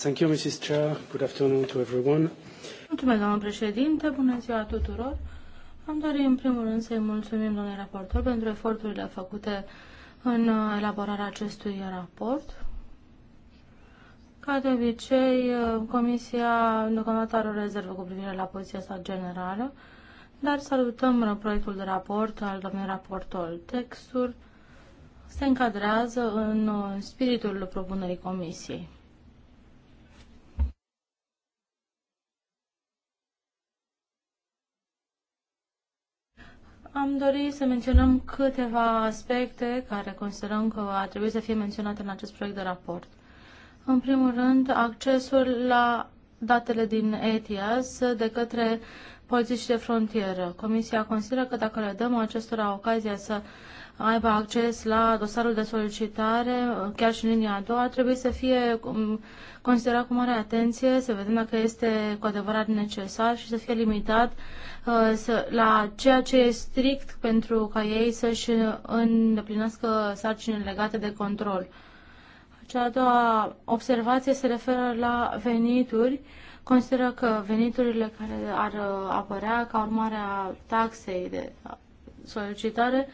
Thank you, Mrs. Chair. Good afternoon to everyone. Mulțumesc, doamnă președinte. Bună ziua tuturor. Am dorit, în primul rând, să-i mulțumim, domnule raportor, pentru eforturile făcute uh, în elaborarea acestui raport. Ca de obicei, Comisia deocamdată are o rezervă cu privire la poziția sa generală, dar salutăm proiectul de raport al domnului raportor. Textul se încadrează în spiritul propunerii Comisiei. Am dorit să menționăm câteva aspecte care considerăm că ar trebui să fie menționate în acest proiect de raport. În primul rând, accesul la datele din ETIAS de către polițiști de frontieră. Comisia consideră că dacă le dăm acestora ocazia să uh, aibă acces la dosarul de solicitare, chiar și în linia a doua, trebuie să fie um, considerat cu mare atenție, să vedem dacă este cu adevărat necesar și să fie limitat uh, la ceea ce e strict pentru ca ei să-și îndeplinească sarcinile legate de control. Cea a doua observație se referă la venituri. Consideră că veniturile care ar uh, apărea ca urmare a taxei de solicitare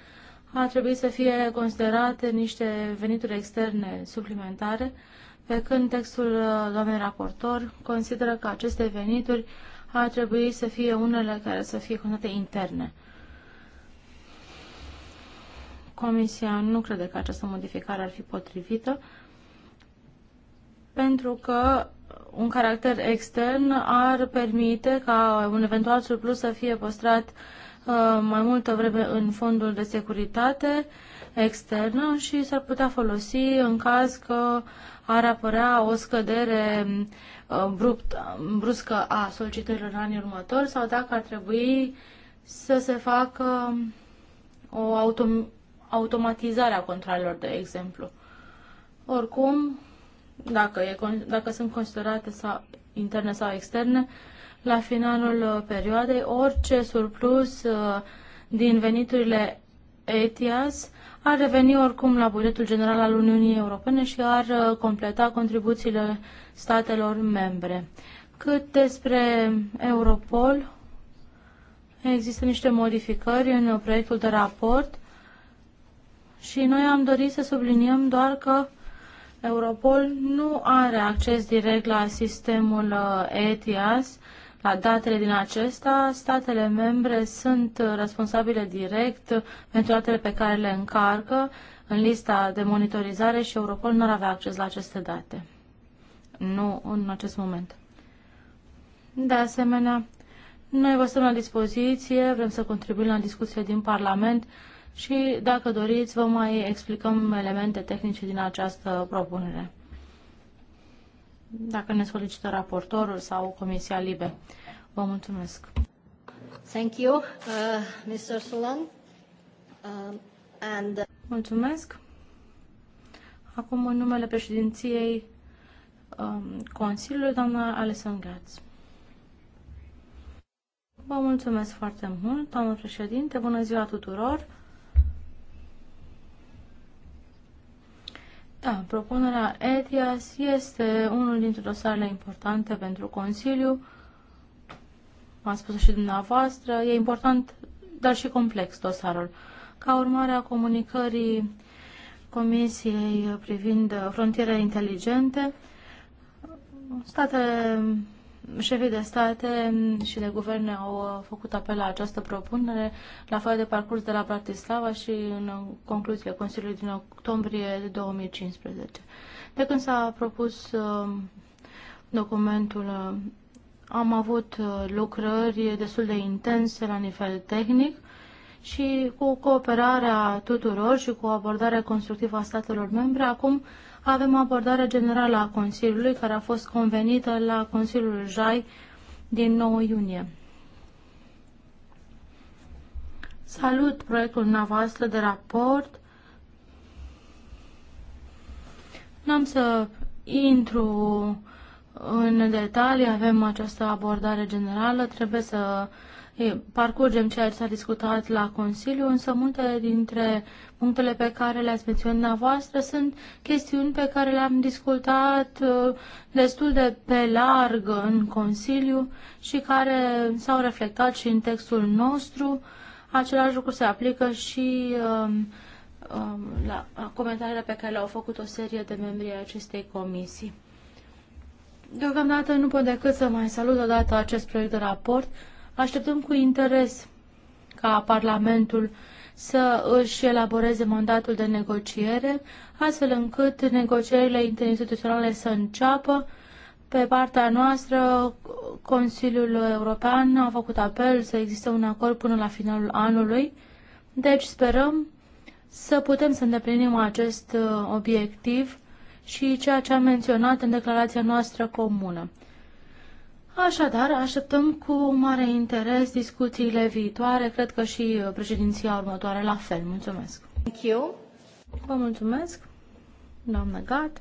ar trebui să fie considerate niște venituri externe suplimentare, pe când textul uh, doamnei raportor consideră că aceste venituri ar trebui să fie unele care să fie contate interne. Comisia nu crede că această modificare ar fi potrivită, pentru că un caracter extern ar permite ca un eventual surplus să fie păstrat uh, Uh, mai multă vreme în fondul de securitate externă și s-ar putea folosi în caz că ar apărea o scădere uh, brupt, bruscă a solicitărilor în anii următori sau dacă ar trebui să se facă o autom- automatizare a controlelor, de exemplu. Oricum, dacă, e, dacă sunt considerate sau interne sau externe, la finalul uh, perioadei orice surplus uh, din veniturile ETIAS ar reveni oricum la bugetul general al Uniunii Europene și ar uh, completa contribuțiile statelor membre. Cât despre Europol, există niște modificări în proiectul de raport și noi am dorit să subliniem doar că Europol nu are acces direct la sistemul ETIAS, la datele din acesta, statele membre sunt responsabile direct pentru datele pe care le încarcă în lista de monitorizare și Europol nu ar avea acces la aceste date. Nu în acest moment. De asemenea, noi vă stăm la dispoziție, vrem să contribuim la discuție din Parlament și, dacă doriți, vă mai explicăm elemente tehnice din această propunere dacă ne solicită raportorul sau Comisia Libe. Vă mulțumesc. Thank you, uh, Mr. Sulan. Uh, and... Uh, mulțumesc. Acum, în numele președinției um, Consiliului, doamna Alison Gatz. Vă mulțumesc foarte mult, doamnă președinte, bună ziua tuturor. Da, propunerea ETIAS este unul dintre dosarele importante pentru Consiliu. V-am spus și dumneavoastră, e important, dar și complex dosarul. Ca urmare a comunicării Comisiei privind frontiere inteligente, statele Șefii de state și de guverne au făcut apel la această propunere la fel de parcurs de la Bratislava și în concluziile Consiliului din octombrie 2015. De când s-a propus uh, documentul, uh, am avut uh, lucrări destul de intense la nivel tehnic și cu cooperarea tuturor și cu abordarea constructivă a statelor membre, acum avem abordarea generală a Consiliului, care a fost convenită la Consiliul JAI din 9 iunie. Salut proiectul navastră de raport. N-am să intru în detalii, avem această abordare generală, trebuie să uh, parcurgem ceea ce s-a discutat la Consiliu, însă multe dintre punctele pe care le-ați menționat dumneavoastră sunt chestiuni pe care le-am discutat uh, destul de pe larg în Consiliu și care s-au reflectat și în textul nostru. Același lucru se aplică și um, um, la comentariile pe care le-au făcut o serie de membri ai acestei comisii. Deocamdată nu pot decât să mai salut odată acest proiect de raport, Așteptăm cu interes ca Parlamentul să își elaboreze mandatul de negociere, astfel încât negocierile interinstituționale să înceapă. Pe partea noastră, Consiliul European a făcut apel să existe un acord până la finalul anului, deci sperăm să putem să îndeplinim acest uh, obiectiv și ceea ce am menționat în declarația noastră comună. Așadar, așteptăm cu mare interes discuțiile viitoare. Cred că și uh, președinția următoare la fel. Mulțumesc. Thank you. Vă mulțumesc, doamnă Gat.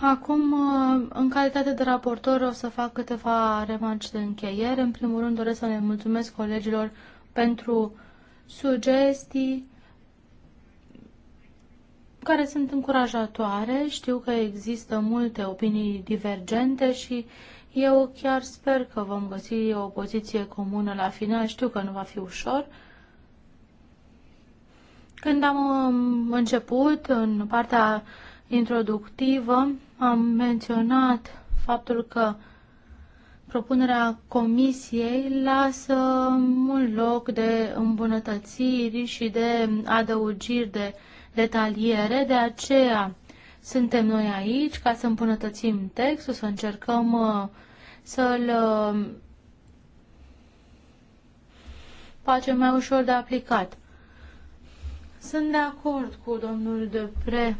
Acum, uh, în calitate de raportor, o să fac câteva remarci de încheiere. În primul rând, doresc să le mulțumesc colegilor pentru sugestii care sunt încurajatoare. Știu că există multe opinii divergente și eu chiar sper că vom găsi o poziție comună la final. Știu că nu va fi ușor. Când am um, început, în partea introductivă, am menționat faptul că propunerea comisiei lasă mult loc de îmbunătățiri și de adăugiri de detaliere, de aceea suntem noi aici ca să îmbunătățim textul, să încercăm uh, să-l uh, facem mai ușor de aplicat. Sunt de acord cu domnul Depre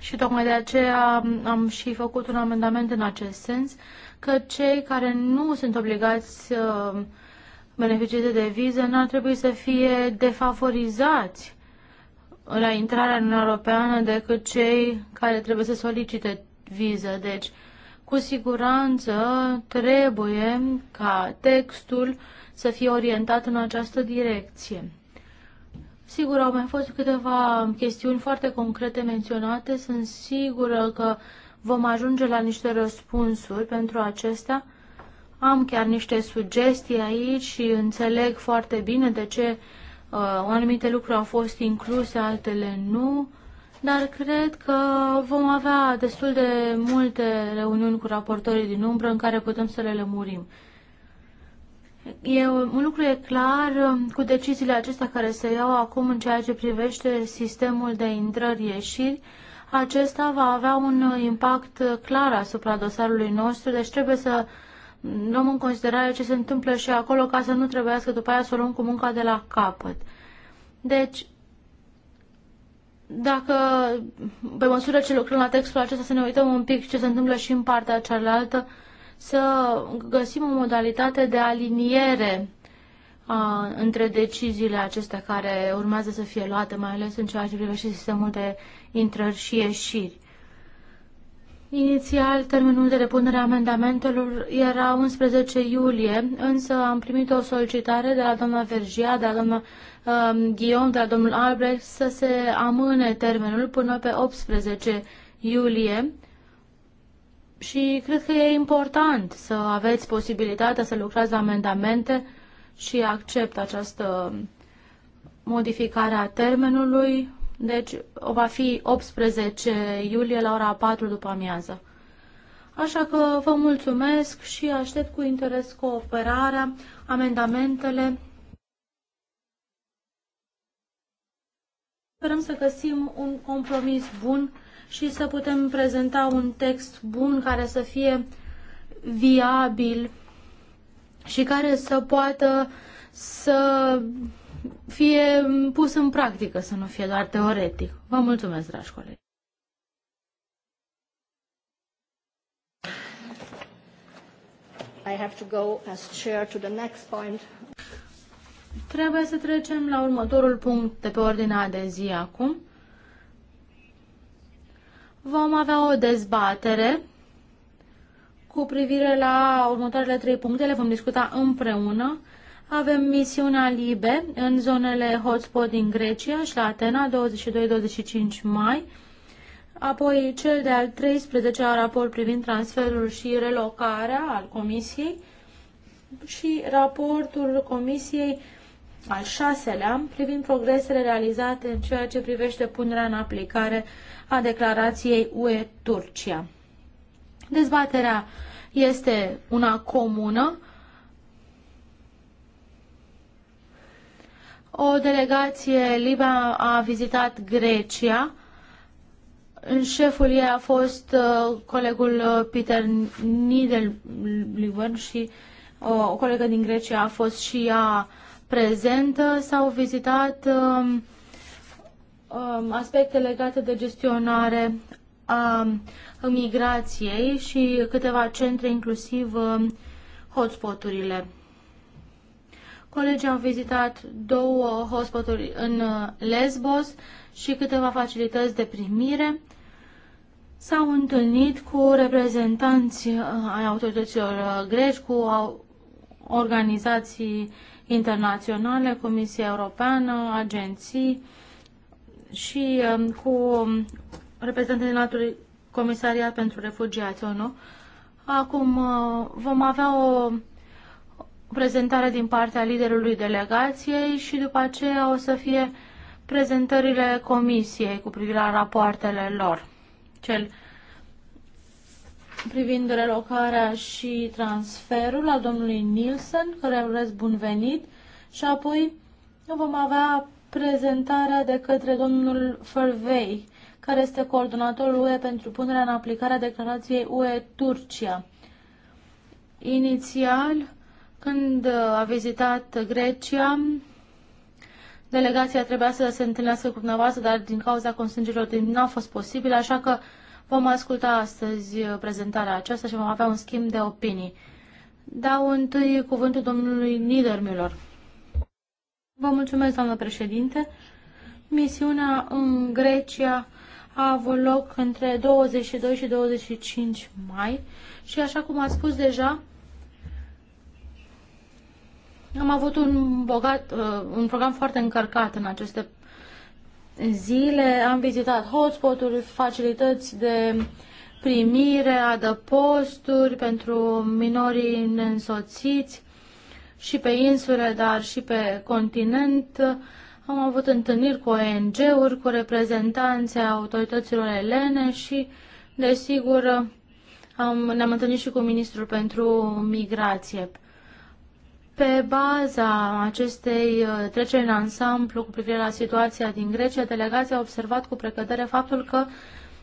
și tocmai de aceea am și făcut un amendament în acest sens, că cei care nu sunt obligați să uh, beneficii de viză nu ar trebui să fie defavorizați la intrarea în Uniunea Europeană decât cei care trebuie să solicite viză. Deci, cu siguranță trebuie ca textul să fie orientat în această direcție. Sigur, au mai fost câteva chestiuni foarte concrete menționate. Sunt sigură că vom ajunge la niște răspunsuri pentru acestea. Am chiar niște sugestii aici și înțeleg foarte bine de ce uh, anumite lucruri au fost incluse, altele nu, dar cred că vom avea destul de multe reuniuni cu raportorii din umbră în care putem să le lămurim. E, un lucru e clar um, cu deciziile acestea care se iau acum în ceea ce privește sistemul de intrări-ieșiri, acesta va avea un impact clar asupra dosarului nostru, deci trebuie să luăm în considerare ce se întâmplă și acolo ca să nu trebuiască după aia să o luăm cu munca de la capăt. Deci, dacă pe măsură ce lucrăm la textul acesta să ne uităm un pic ce se întâmplă și în partea cealaltă, să găsim o modalitate de aliniere a, între deciziile acestea care urmează să fie luate, mai ales în ceea ce privește sistemul de intrări și ieșiri. Inițial, termenul de repunere a amendamentelor era 11 iulie, însă am primit o solicitare de la doamna Vergia, de la doamna um, Guillaume, de la domnul Albrecht să se amâne termenul până pe 18 iulie. Și cred că e important să aveți posibilitatea să lucrați la amendamente și accept această modificare a termenului deci o va fi 18 iulie la ora 4 după amiază. Așa că vă mulțumesc și aștept cu interes cooperarea, amendamentele. Sperăm să găsim un compromis bun și să putem prezenta un text bun care să fie viabil și care să poată să fie pus în practică, să nu fie doar teoretic. Vă mulțumesc, dragi colegi. I have to go as chair to the next point. Trebuie să trecem la următorul punct de pe ordinea de zi acum. Vom avea o dezbatere cu privire la următoarele trei puncte, le vom discuta împreună. Avem misiunea LIBE în zonele hotspot din Grecia și la Atena, 22-25 mai. Apoi cel de-al 13-a raport privind transferul și relocarea al Comisiei și raportul Comisiei al șaselea privind progresele realizate în ceea ce privește punerea în aplicare a declarației UE-Turcia. Dezbaterea este una comună O delegație Liba a vizitat Grecia. În Șeful ei a fost uh, colegul uh, Peter Niederliver și uh, o colegă din Grecia a fost și ea prezentă. S-au vizitat uh, aspecte legate de gestionare a um, migrației și câteva centre, inclusiv hotspoturile. Colegii au vizitat două hospituri în uh, Lesbos și câteva facilități de primire. S-au întâlnit cu reprezentanți uh, ai autorităților uh, greci, cu organizații internaționale, Comisia Europeană, agenții și um, cu um, reprezentanții din altul Comisariat pentru Refugiați ONU. Acum vom avea o prezentare din partea liderului delegației și după aceea o să fie prezentările comisiei cu privire la rapoartele lor. Cel privind relocarea și transferul al domnului Nielsen, care urez bun venit, și apoi vom avea prezentarea de către domnul Fervei, care este coordonatorul UE pentru punerea în aplicare a declarației UE Turcia. Inițial, când uh, a vizitat Grecia, delegația trebuia să se întâlnească cu dumneavoastră, dar din cauza constrângerilor din nu a fost posibil, așa că vom asculta astăzi uh, prezentarea aceasta și vom avea un schimb de opinii. Dau întâi cuvântul domnului Niedermüller. Vă mulțumesc, doamnă președinte. Misiunea în Grecia a avut loc între 22 și 25 mai și, așa cum a spus deja, am avut un, bogat, uh, un program foarte încărcat în aceste zile. Am vizitat hotspot-uri, facilități de primire, adăposturi pentru minorii neînsoțiți și pe insule, dar și pe continent. Am avut întâlniri cu ONG-uri, cu reprezentanții autorităților elene și, desigur, am, ne-am întâlnit și cu ministrul pentru migrație. Pe baza acestei uh, treceri în ansamblu cu privire la situația din Grecia, delegația a observat cu precădere faptul că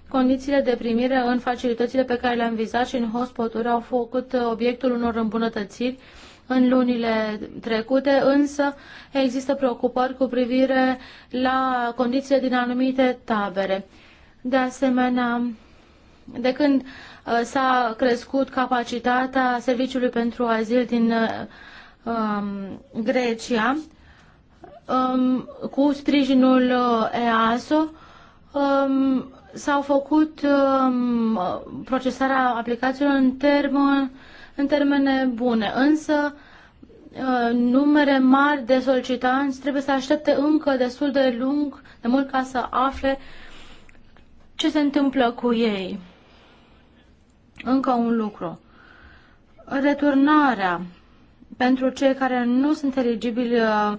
condițiile de primire în facilitățile pe care le-am vizat și în hotspoturi au făcut uh, obiectul unor îmbunătățiri în lunile trecute, însă există preocupări cu privire la condițiile din anumite tabere. De asemenea, de când uh, s-a crescut capacitatea Serviciului pentru Azil din um, Grecia um, cu sprijinul uh, EASO um, s-au făcut um, procesarea aplicațiilor în, termen, în termene bune, însă uh, numere mari de solicitanți trebuie să aștepte încă destul de lung, de mult ca să afle ce se întâmplă cu ei. Încă un lucru. Returnarea pentru cei care nu sunt eligibili uh,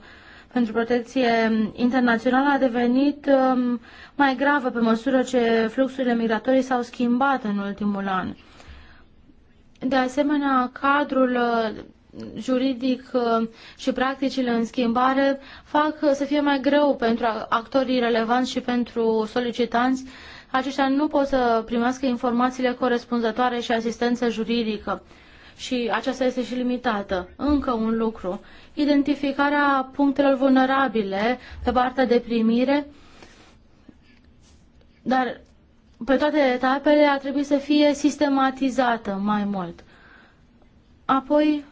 pentru protecție internațională a devenit um, mai gravă pe măsură ce fluxurile migratorii s-au schimbat în ultimul an. De asemenea, cadrul uh, juridic uh, și practicile în schimbare fac să fie mai greu pentru actorii relevanți și pentru solicitanți. Aceștia nu pot să primească informațiile corespunzătoare și asistență juridică și aceasta este și limitată. Încă un lucru, identificarea punctelor vulnerabile pe partea de primire, dar pe toate etapele ar trebui să fie sistematizată mai mult. Apoi,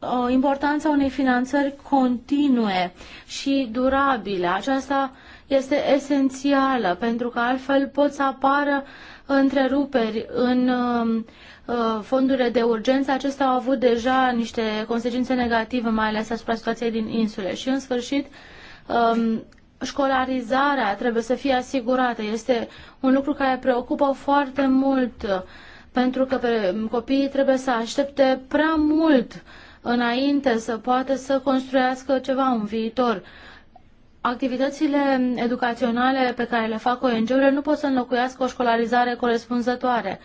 uh, importanța unei finanțări continue și durabile. Aceasta este esențială, pentru că altfel pot să apară întreruperi în um, Uh, fondurile de urgență, acestea au avut deja niște consecințe negative, mai ales asupra situației din insule. Și, în sfârșit, um, școlarizarea trebuie să fie asigurată. Este un lucru care preocupă foarte mult, uh, pentru că copiii trebuie să aștepte prea mult înainte să poată să construiască ceva în viitor. Activitățile educaționale pe care le fac ONG-urile nu pot să înlocuiască o școlarizare corespunzătoare.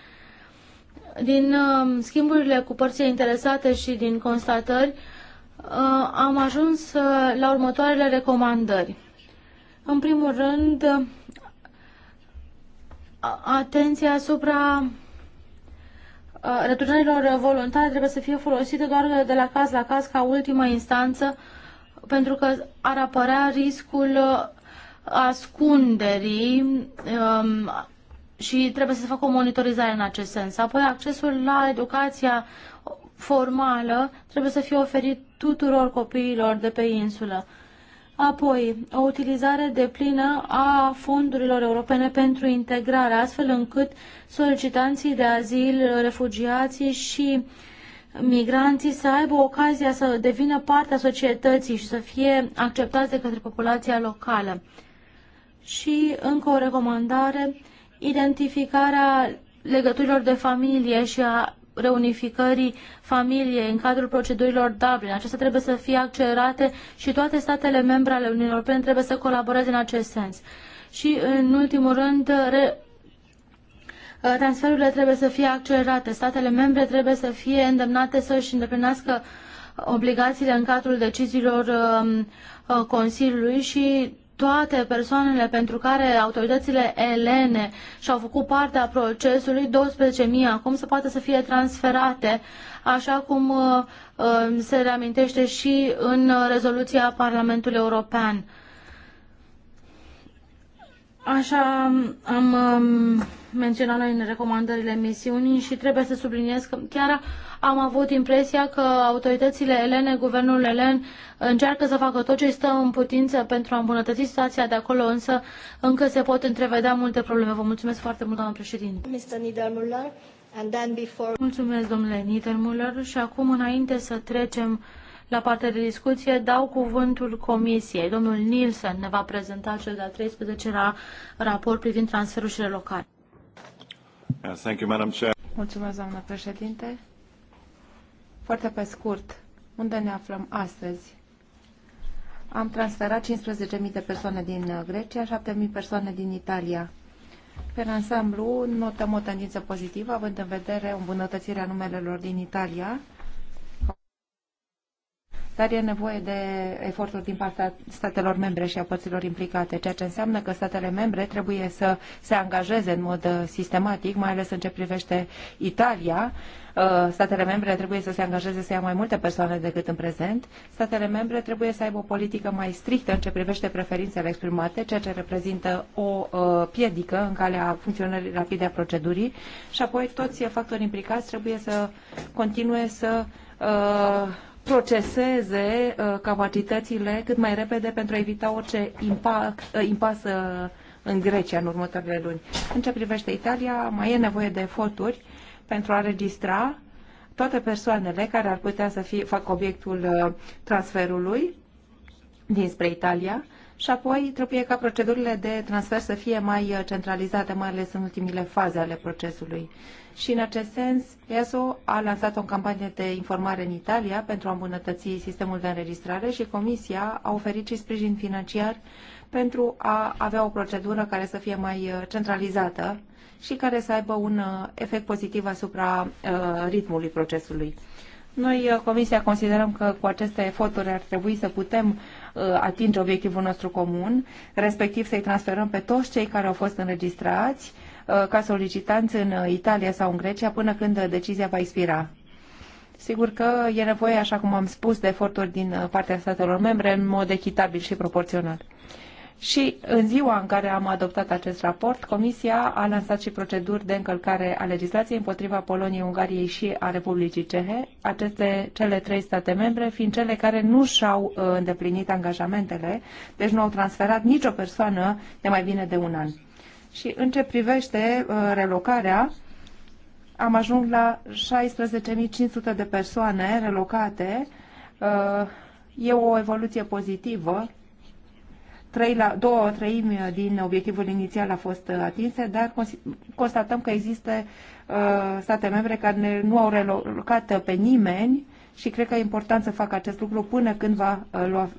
Din uh, schimburile cu părțile interesate și din constatări, uh, am ajuns uh, la următoarele recomandări. În primul rând, uh, atenția asupra uh, returnărilor voluntare trebuie să fie folosită doar de la caz la caz ca ultima instanță, pentru că ar apărea riscul uh, ascunderii um, și trebuie să se facă o monitorizare în acest sens. Apoi accesul la educația formală trebuie să fie oferit tuturor copiilor de pe insulă. Apoi, o utilizare deplină a fondurilor europene pentru integrare, astfel încât solicitanții de azil, refugiații și migranții să aibă ocazia să devină parte a societății și să fie acceptați de către populația locală. Și încă o recomandare, identificarea legăturilor de familie și a reunificării familiei în cadrul procedurilor Dublin. Acestea trebuie să fie accelerate și toate statele membre ale Uniunii Europene trebuie să colaboreze în acest sens. Și, în ultimul rând, re... transferurile trebuie să fie accelerate. Statele membre trebuie să fie îndemnate să-și îndeplinească obligațiile în cadrul deciziilor um, uh, Consiliului și toate persoanele pentru care autoritățile elene și-au făcut parte a procesului, 12.000 acum, să poată să fie transferate, așa cum uh, uh, se reamintește și în rezoluția Parlamentului European. Așa am um, menționat noi în recomandările misiunii și trebuie să subliniez că chiar am avut impresia că autoritățile elene, guvernul elen, încearcă să facă tot ce stă în putință pentru a îmbunătăți situația de acolo, însă încă se pot întrevedea multe probleme. Vă mulțumesc foarte mult, doamnă președinte. and then before... Mulțumesc, domnule Niedermuller. și acum, înainte să trecem la partea de discuție dau cuvântul Comisiei. Domnul Nielsen ne va prezenta cel de-al 13-lea raport privind transferul și uh, Mulțumesc, doamnă președinte. Foarte pe scurt, unde ne aflăm astăzi? Am transferat 15.000 de persoane din uh, Grecia, 7.000 persoane din Italia. Pe ansamblu, notăm o tendință pozitivă, având în vedere îmbunătățirea numelelor din Italia, dar e nevoie de eforturi din partea statelor membre și a părților implicate, ceea ce înseamnă că statele membre trebuie să se angajeze în mod uh, sistematic, mai ales în ce privește Italia, uh, statele membre trebuie să se angajeze să ia mai multe persoane decât în prezent, statele membre trebuie să aibă o politică mai strictă în ce privește preferințele exprimate, ceea ce reprezintă o uh, piedică în calea funcționării rapide a procedurii și apoi toți factorii implicați trebuie să continue să proceseze uh, capacitățile cât mai repede pentru a evita orice impact, uh, impas uh, în Grecia în următoarele luni. În ce privește Italia, mai e nevoie de eforturi pentru a registra toate persoanele care ar putea să fie, fac obiectul transferului dinspre Italia și apoi trebuie ca procedurile de transfer să fie mai uh, centralizate, mai ales în ultimile faze ale procesului. Și în acest sens, ESO a lansat o campanie de informare în Italia pentru a îmbunătăți sistemul de înregistrare și Comisia a oferit și sprijin financiar pentru a avea o procedură care să fie mai uh, centralizată și care să aibă un uh, efect pozitiv asupra ritmului procesului. Noi, Comisia, considerăm că cu aceste eforturi ar trebui să putem Uh, atinge obiectivul nostru comun, respectiv să-i transferăm pe toți cei care au fost înregistrați uh, ca solicitanți în Italia sau în Grecia până când decizia va expira. Sigur că e nevoie, așa cum am spus, de eforturi din uh, partea statelor membre în mod echitabil și proporțional. Și în ziua în care am adoptat acest raport, Comisia a lansat și proceduri de încălcare a legislației împotriva Poloniei, Ungariei și a Republicii Cehe, aceste cele trei state membre fiind cele care nu și-au uh, îndeplinit angajamentele, deci nu au transferat nicio persoană de mai bine de un an. Și în ce privește uh, relocarea, am ajuns la 16.500 de persoane relocate. Uh, e o evoluție pozitivă 3 la, două treimi din obiectivul inițial a fost uh, atinse, dar constatăm că există uh, state membre care nu au relocat uh, pe nimeni și cred că e important să facă acest lucru până când va, uh, lua,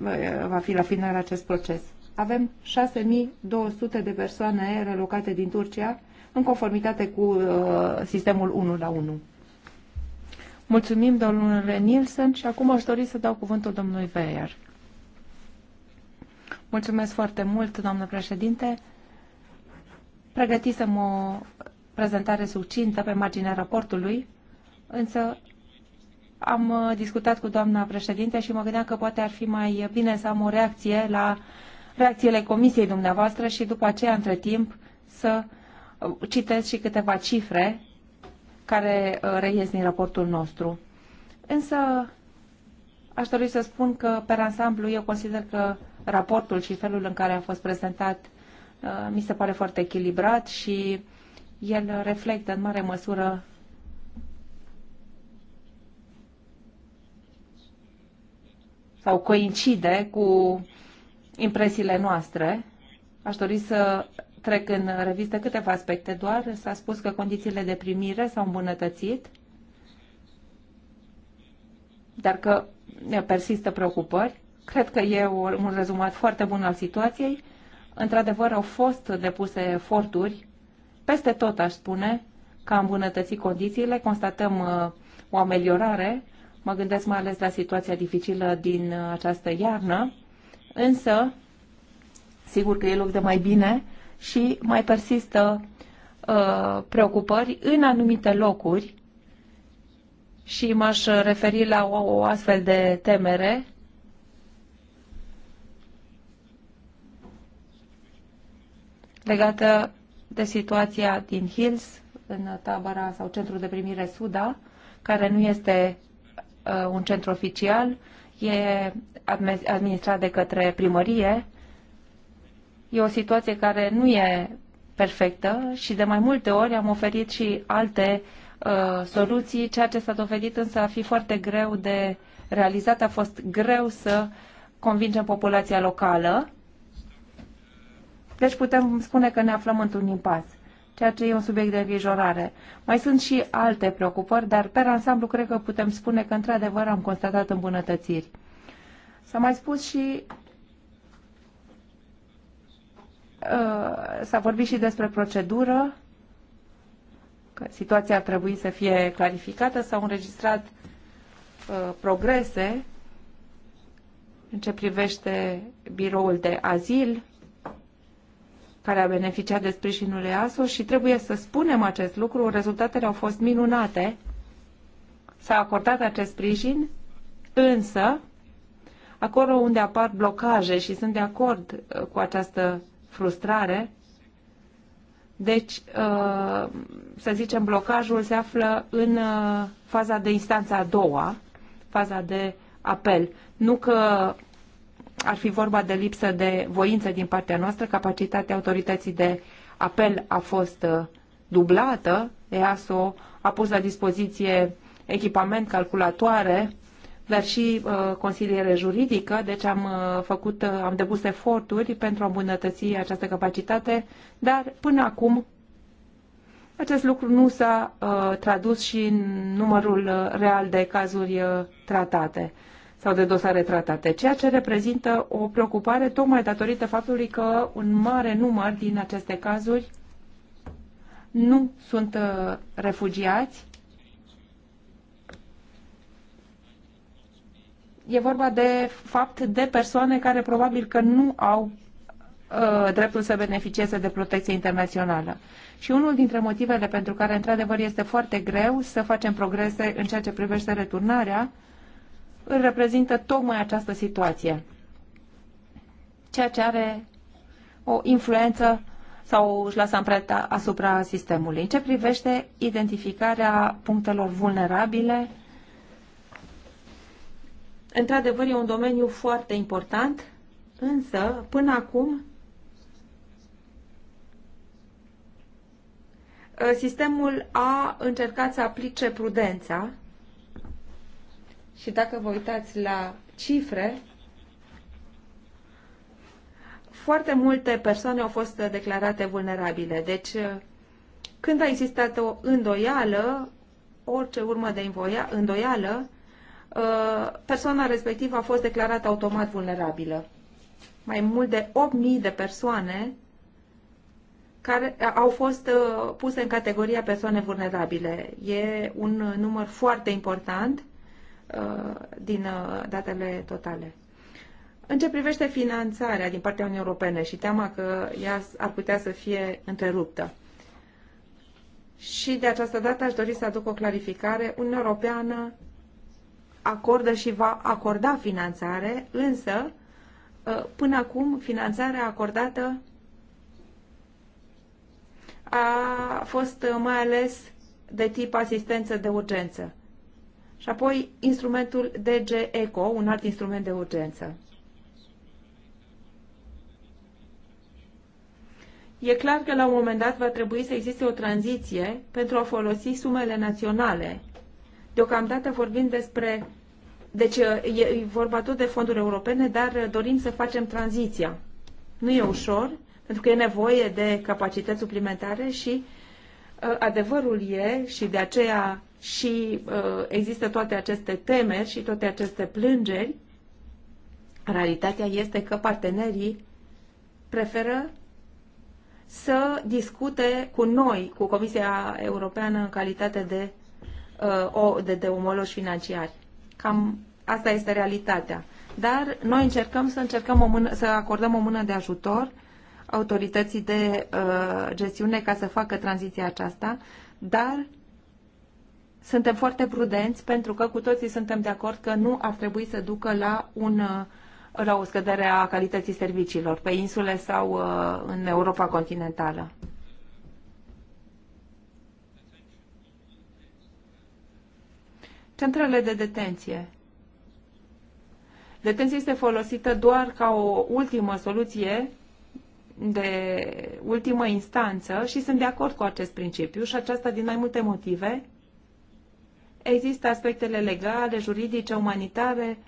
va fi la final acest proces. Avem 6200 de persoane relocate din Turcia în conformitate cu uh, sistemul 1 la 1. Mulțumim, domnule Nielsen și acum aș dori să dau cuvântul domnului Veier. Mulțumesc foarte mult, doamnă președinte. Pregătisem o prezentare succintă pe marginea raportului, însă am uh, discutat cu doamna președinte și mă gândeam că poate ar fi mai bine să am o reacție la reacțiile comisiei dumneavoastră și după aceea, între timp, să uh, citesc și câteva cifre care uh, reiesc din raportul nostru. Însă, aș dori să spun că, pe ansamblu, eu consider că raportul și felul în care a fost prezentat uh, mi se pare foarte echilibrat și el reflectă în mare măsură sau coincide cu impresiile noastre. Aș dori să trec în revistă câteva aspecte doar. S-a spus că condițiile de primire s-au îmbunătățit, dar că persistă preocupări. Cred că e un rezumat foarte bun al situației. Într-adevăr, au fost depuse eforturi peste tot, aș spune, ca îmbunătăți condițiile. Constatăm uh, o ameliorare. Mă gândesc mai ales la situația dificilă din uh, această iarnă. Însă, sigur că e loc de mai bine și mai persistă uh, preocupări în anumite locuri și m-aș referi la o, o astfel de temere legată de situația din Hills, în tabăra sau centrul de primire Suda, care nu este uh, un centru oficial, e administrat de către primărie. E o situație care nu e perfectă și de mai multe ori am oferit și alte uh, soluții, ceea ce s-a dovedit însă a fi foarte greu de realizat, a fost greu să convingem populația locală deci putem spune că ne aflăm într-un impas, ceea ce e un subiect de îngrijorare. Mai sunt și alte preocupări, dar pe ansamblu cred că putem spune că într-adevăr am constatat îmbunătățiri. S-a mai spus și uh, s-a vorbit și despre procedură, că situația ar trebui să fie clarificată, s-au înregistrat uh, progrese în ce privește biroul de azil, care a beneficiat de sprijinul EASO și trebuie să spunem acest lucru, rezultatele au fost minunate. S-a acordat acest sprijin, însă acolo unde apar blocaje și sunt de acord uh, cu această frustrare, deci, uh, să zicem, blocajul se află în uh, faza de instanța a doua, faza de apel. Nu că ar fi vorba de lipsă de voință din partea noastră, capacitatea autorității de apel a fost uh, dublată, EASO a pus la dispoziție echipament, calculatoare, dar și uh, consiliere juridică, deci am uh, făcut, uh, am depus eforturi pentru a îmbunătăți această capacitate, dar până acum acest lucru nu s-a uh, tradus și în numărul uh, real de cazuri uh, tratate sau de dosare tratate, ceea ce reprezintă o preocupare tocmai datorită faptului că un mare număr din aceste cazuri nu sunt uh, refugiați. E vorba de fapt de persoane care probabil că nu au uh, dreptul să beneficieze de protecție internațională. Și unul dintre motivele pentru care, într-adevăr, este foarte greu să facem progrese în ceea ce privește returnarea îl reprezintă tocmai această situație, ceea ce are o influență sau își lasă amprenta asupra sistemului. În ce privește identificarea punctelor vulnerabile, într-adevăr e un domeniu foarte important, însă până acum sistemul a încercat să aplice prudența și dacă vă uitați la cifre, foarte multe persoane au fost declarate vulnerabile. Deci, când a existat o îndoială, orice urmă de îndoială, uh, persoana respectivă a fost declarată automat vulnerabilă. Mai mult de 8.000 de persoane care uh, au fost uh, puse în categoria persoane vulnerabile. E un număr foarte important Uh, din uh, datele totale. În ce privește finanțarea din partea Uniunii Europene și teama că ea ar putea să fie întreruptă. Și de această dată aș dori să aduc o clarificare. Uniunea Europeană acordă și va acorda finanțare, însă uh, până acum finanțarea acordată a fost mai ales de tip asistență de urgență și apoi instrumentul DG ECO, un alt instrument de urgență. E clar că la un moment dat va trebui să existe o tranziție pentru a folosi sumele naționale. Deocamdată vorbim despre... Deci e vorba tot de fonduri europene, dar dorim să facem tranziția. Nu e ușor, pentru că e nevoie de capacități suplimentare și uh, adevărul e, și de aceea și uh, există toate aceste temeri și toate aceste plângeri, realitatea este că partenerii preferă să discute cu noi, cu Comisia Europeană în calitate de, uh, de, de omologi financiari. Cam asta este realitatea. Dar noi încercăm să încercăm o mână, să acordăm o mână de ajutor autorității de uh, gestiune ca să facă tranziția aceasta, dar suntem foarte prudenți pentru că cu toții suntem de acord că nu ar trebui să ducă la, un, uh, la o scădere a calității serviciilor pe insule sau uh, în Europa continentală. Centrele de detenție. Detenția este folosită doar ca o ultimă soluție de ultimă instanță și sunt de acord cu acest principiu și aceasta din mai multe motive, Există aspectele legale, juridice, umanitare,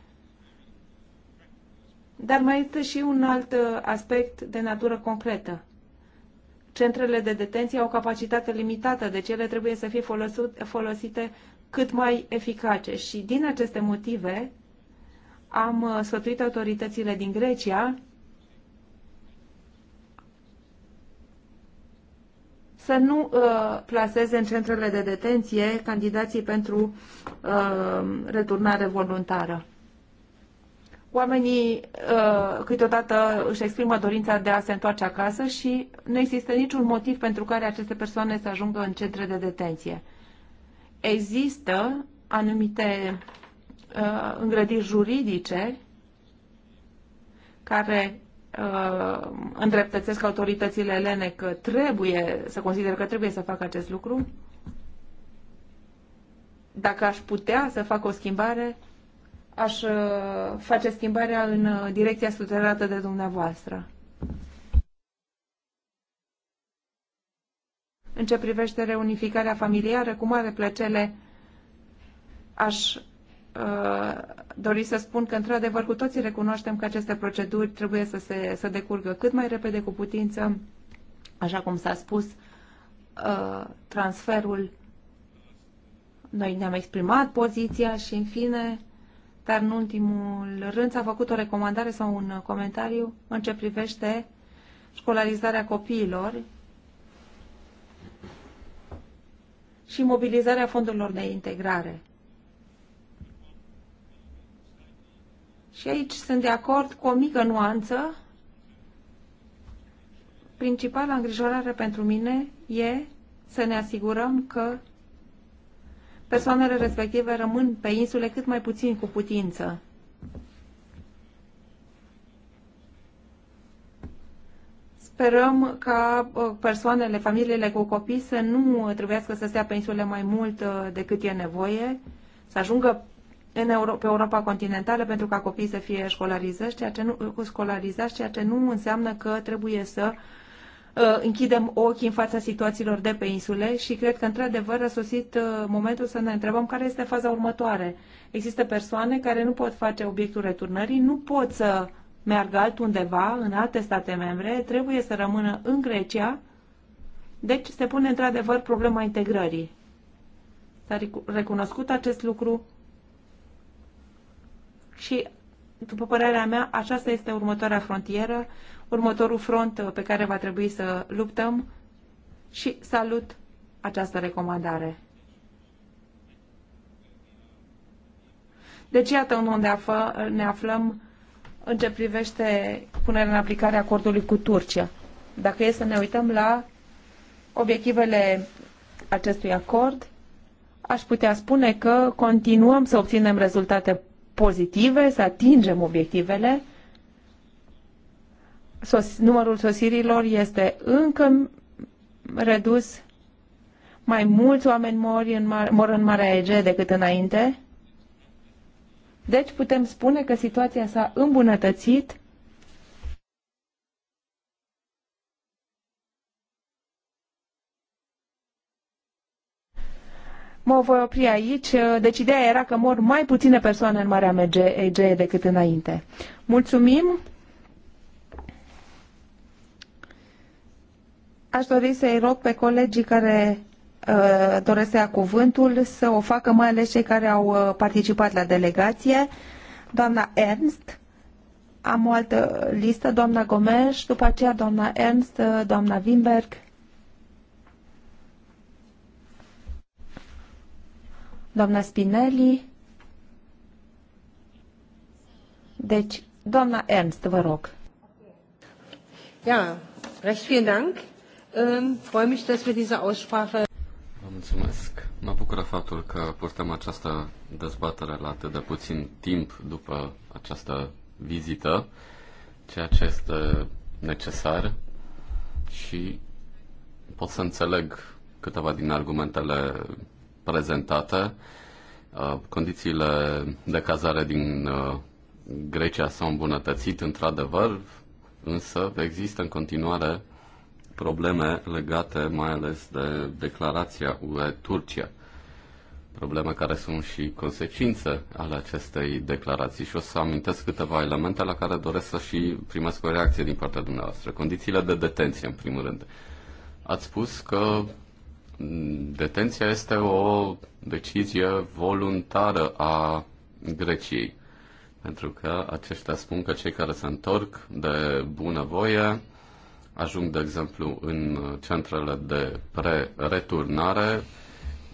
dar mai este și un alt uh, aspect de natură concretă. Centrele de detenție au capacitate limitată, deci ele trebuie să fie folosite cât mai eficace. Și din aceste motive am uh, sfătuit autoritățile din Grecia să nu uh, plaseze în centrele de detenție candidații pentru uh, returnare voluntară. Oamenii uh, câteodată își exprimă dorința de a se întoarce acasă și nu există niciun motiv pentru care aceste persoane să ajungă în centre de detenție. Există anumite uh, îngrădiri juridice care uh, îndreptățesc autoritățile elene că trebuie, să consider că trebuie să facă acest lucru? Dacă aș putea să fac o schimbare, aș uh, face schimbarea în uh, direcția sugerată de dumneavoastră. În ce privește reunificarea familiară, cu mare plăcere aș uh, dori să spun că, într-adevăr, cu toții recunoaștem că aceste proceduri trebuie să, se, să decurgă cât mai repede cu putință. Așa cum s-a spus, uh, transferul, noi ne-am exprimat poziția și, în fine, dar în ultimul rând s-a făcut o recomandare sau un comentariu în ce privește școlarizarea copiilor și mobilizarea fondurilor de integrare. Și aici sunt de acord cu o mică nuanță. Principala îngrijorare pentru mine e să ne asigurăm că persoanele respective rămân pe insule cât mai puțin cu putință. Sperăm ca uh, persoanele, familiile cu copii să nu trebuiască să stea pe insule mai mult uh, decât e nevoie, să ajungă în Euro- pe Europa continentală pentru ca copiii să fie școlarizați, ceea ce nu, școlarizați, ceea ce nu înseamnă că trebuie să uh, închidem ochii în fața situațiilor de pe insule și cred că, într-adevăr, a sosit uh, momentul să ne întrebăm care este faza următoare. Există persoane care nu pot face obiectul returnării, nu pot să meargă altundeva, în alte state membre, trebuie să rămână în Grecia. Deci se pune într-adevăr problema integrării. S-a recunoscut acest lucru și, după părerea mea, aceasta este următoarea frontieră, următorul front pe care va trebui să luptăm și salut această recomandare. Deci iată unde află, ne aflăm în ce privește punerea în aplicare a acordului cu Turcia. Dacă e să ne uităm la obiectivele acestui acord, aș putea spune că continuăm să obținem rezultate pozitive, să atingem obiectivele. Sos, numărul sosirilor este încă redus. Mai mulți oameni mor în, mor în Marea Ege decât înainte. Deci putem spune că situația s-a îmbunătățit Mă voi opri aici. Deci ideea era că mor mai puține persoane în Marea Egee decât înainte. Mulțumim! Aș dori să-i rog pe colegii care uh, doresc să cuvântul să o facă, mai ales cei care au uh, participat la delegație. Doamna Ernst, am o altă listă, doamna Gomes, după aceea doamna Ernst, uh, doamna Wimberg. doamna Spinelli. Deci, doamna Ernst, vă rog. Ja, recht vielen Dank. Ähm, freue mich, dass wir diese Aussprache Vă mulțumesc. Mă bucură faptul că purtăm această dezbatere la atât de puțin timp după această vizită, ceea ce este necesar și pot să înțeleg câteva din argumentele prezentată uh, Condițiile de cazare din uh, Grecia s-au îmbunătățit, într-adevăr, însă există în continuare probleme legate mai ales de declarația UE-Turcia probleme care sunt și consecințe ale acestei declarații și o să amintesc câteva elemente la care doresc să și primesc o reacție din partea dumneavoastră. Condițiile de detenție, în primul rând. Ați spus că Detenția este o decizie voluntară a Greciei, pentru că aceștia spun că cei care se întorc de bună voie ajung, de exemplu, în centrele de pre-returnare,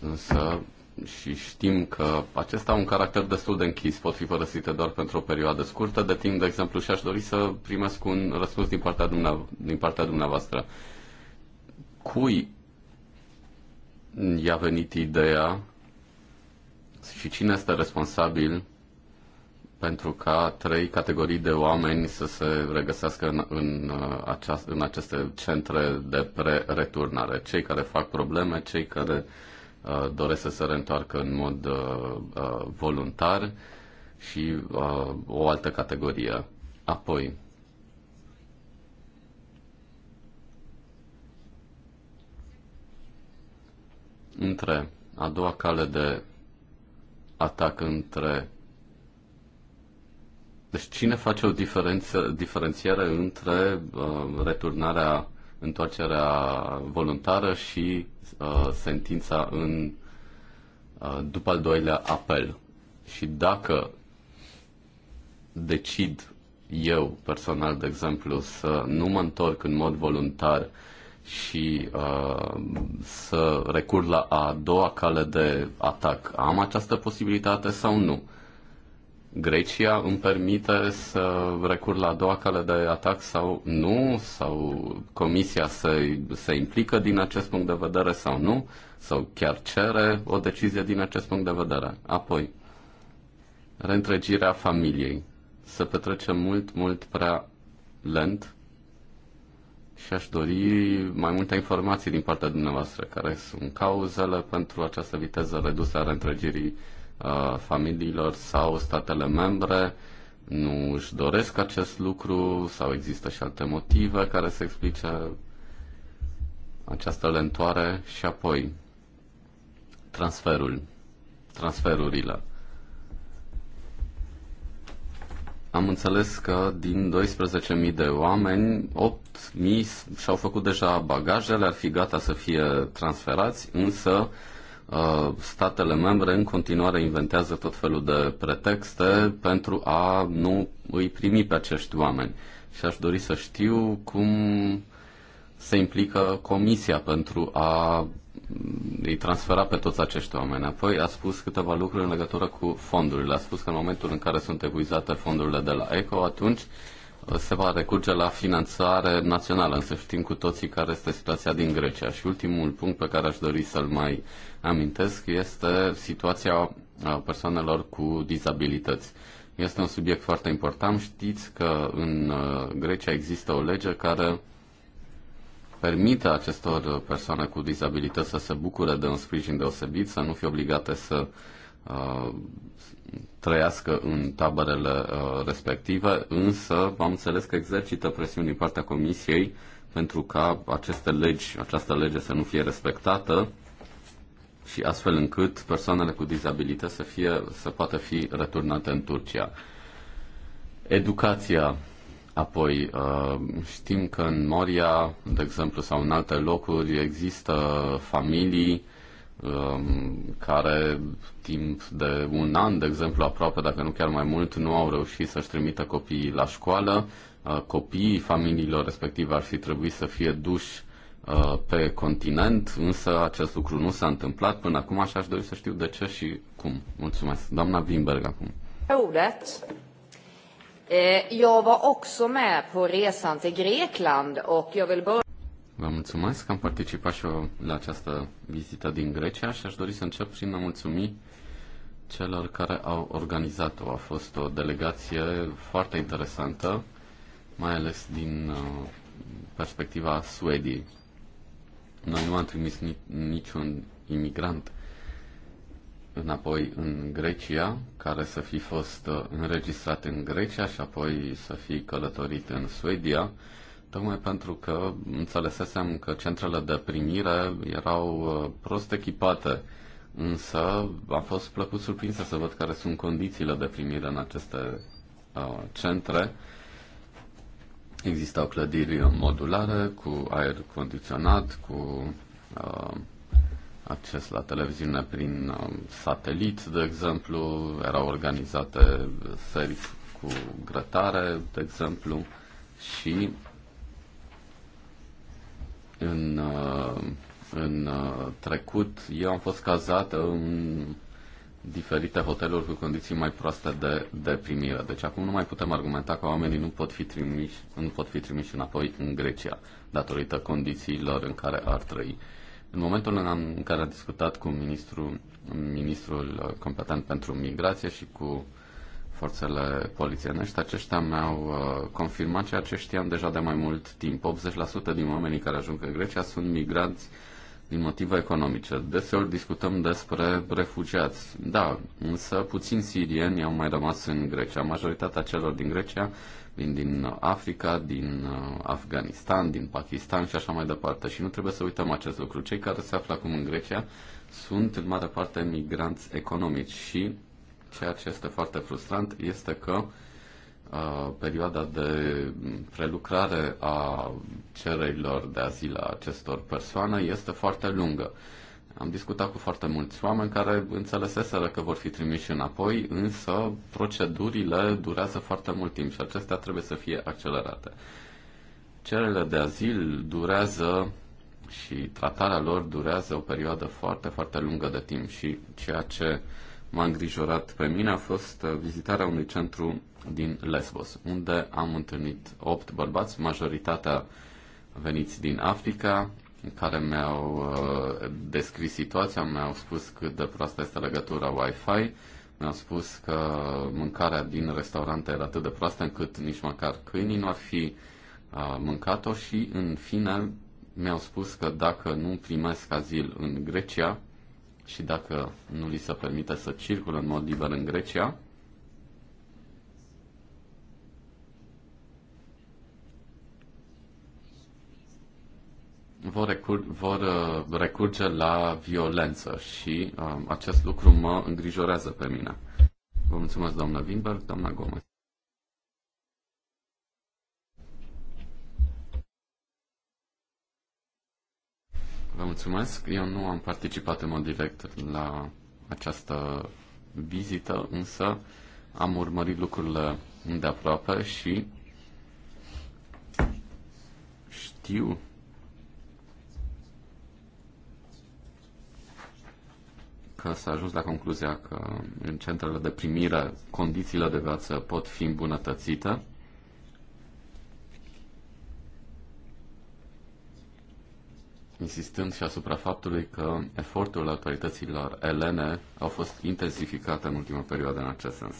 însă și știm că acestea au un caracter destul de închis, pot fi părăsite doar pentru o perioadă scurtă de timp, de exemplu, și aș dori să primesc un răspuns din partea, dumneav- din partea dumneavoastră. Cui i-a venit ideea și cine este responsabil pentru ca trei categorii de oameni să se regăsească în, în, uh, aceast, în aceste centre de pre-returnare. Cei care fac probleme, cei care uh, doresc să se reîntoarcă în mod uh, uh voluntar și uh, o altă categorie. Apoi, între a doua cale de atac între deci cine face o diferență, diferențiere între uh, returnarea, întoarcerea voluntară și uh, sentința în, uh, după al doilea apel? Și dacă decid eu personal, de exemplu, să nu mă întorc în mod voluntar și uh, să recur la a doua cale de atac. Am această posibilitate sau nu? Grecia îmi permite să recur la a doua cale de atac sau nu? Sau Comisia se, se implică din acest punct de vedere sau nu? Sau chiar cere o decizie din acest punct de vedere? Apoi, reîntregirea familiei. Să petrecem mult, mult prea lent și aș dori mai multe informații din partea dumneavoastră care sunt cauzele pentru această viteză redusă a reîntregirii uh, familiilor sau statele membre nu își doresc acest lucru sau există și alte motive care să explice această lentoare și apoi transferul, transferurile. Am înțeles că din 12.000 de oameni, 8.000 și-au făcut deja bagajele, ar fi gata să fie transferați, însă uh, statele membre în continuare inventează tot felul de pretexte pentru a nu îi primi pe acești oameni. Și aș dori să știu cum se implică Comisia pentru a îi transfera pe toți acești oameni. Apoi a spus câteva lucruri în legătură cu fondurile. A spus că în momentul în care sunt epuizate fondurile de la ECO, atunci uh, se va recurge la finanțare națională, însă știm cu toții care este situația din Grecia. Și ultimul punct pe care aș dori să-l mai amintesc este situația uh, persoanelor cu dizabilități. Este un subiect foarte important. Știți că în uh, Grecia există o lege care permită acestor persoane cu dizabilități să se bucure de un sprijin deosebit, să nu fie obligate să uh, trăiască în taberele uh, respective, însă am înțeles că exercită presiuni din partea Comisiei pentru ca aceste legi, această lege să nu fie respectată și astfel încât persoanele cu dizabilități să, fie, să poată fi returnate în Turcia. Educația Apoi uh, știm că în Moria, de exemplu, sau în alte locuri există familii um, care timp de un an, de exemplu, aproape, dacă nu chiar mai mult, nu au reușit să-și trimită copiii la școală. Uh, copiii familiilor respective ar fi trebuit să fie duși uh, pe continent, însă acest lucru nu s-a întâmplat până acum, și aș dori să știu de ce și cum. Mulțumesc. Doamna Bimberg acum. that's... Eh, jag var också med på resan till Grekland och jag vill börja... Vă mulțumesc că am participat și eu la această vizită din Grecia și aș dori să încep prin a mulțumi celor care au organizat-o. A fost o delegație foarte interesantă, mai ales din uh, perspectiva Suediei. Noi nu am trimis niciun imigrant înapoi în Grecia, care să fi fost uh, înregistrat în Grecia și apoi să fi călătorit în Suedia, tocmai pentru că înțelesesem că centrele de primire erau uh, prost echipate, însă am fost plăcut surprinsă să văd care sunt condițiile de primire în aceste uh, centre. Existau clădiri modulare, cu aer condiționat, cu uh, acces la televiziune prin um, satelit, de exemplu, erau organizate seri cu grătare, de exemplu, și în, uh, în uh, trecut eu am fost cazat în diferite hoteluri cu condiții mai proaste de, de primire. Deci acum nu mai putem argumenta că oamenii nu pot fi trimiși, nu pot fi trimiși înapoi în Grecia datorită condițiilor în care ar trăi. În momentul în care am discutat cu ministrul, ministrul uh, competent pentru migrație și cu forțele polițienești, aceștia mi-au uh, confirmat ceea ce știam deja de mai mult timp. 80% din oamenii care ajung în Grecia sunt migranți din motive economice. Deseori discutăm despre refugiați. Da, însă puțini sirieni au mai rămas în Grecia. Majoritatea celor din Grecia vin din Africa, din uh, Afganistan, din Pakistan și așa mai departe. Și nu trebuie să uităm acest lucru. Cei care se află acum în Grecia sunt în mare parte migranți economici și ceea ce este foarte frustrant este că uh, perioada de prelucrare a cererilor de azil a acestor persoane este foarte lungă. Am discutat cu foarte mulți oameni care înțeleseseră că vor fi trimiși înapoi, însă procedurile durează foarte mult timp și acestea trebuie să fie accelerate. Cererile de azil durează și tratarea lor durează o perioadă foarte, foarte lungă de timp și ceea ce m-a îngrijorat pe mine a fost uh, vizitarea unui centru din Lesbos, unde am întâlnit opt bărbați, majoritatea veniți din Africa, care mi-au uh, descris situația, mi-au spus cât de proastă este legătura Wi-Fi, mi-au spus că mâncarea din restaurante era atât de proastă încât nici măcar câinii nu ar fi uh, mâncat-o și, în fine, mi-au spus că dacă nu primesc azil în Grecia și dacă nu li se permite să circule în mod liber în Grecia, vor, recur- vor uh, recurge la violență și um, acest lucru mă îngrijorează pe mine. Vă mulțumesc, doamna Wimberg, doamna Gomez. Vă mulțumesc. Eu nu am participat în mod direct la această vizită, însă am urmărit lucrurile îndeaproape și știu că s-a ajuns la concluzia că în centrele de primire condițiile de viață pot fi îmbunătățite. insistând și asupra faptului că eforturile autorităților elene au fost intensificate în ultima perioadă în acest sens.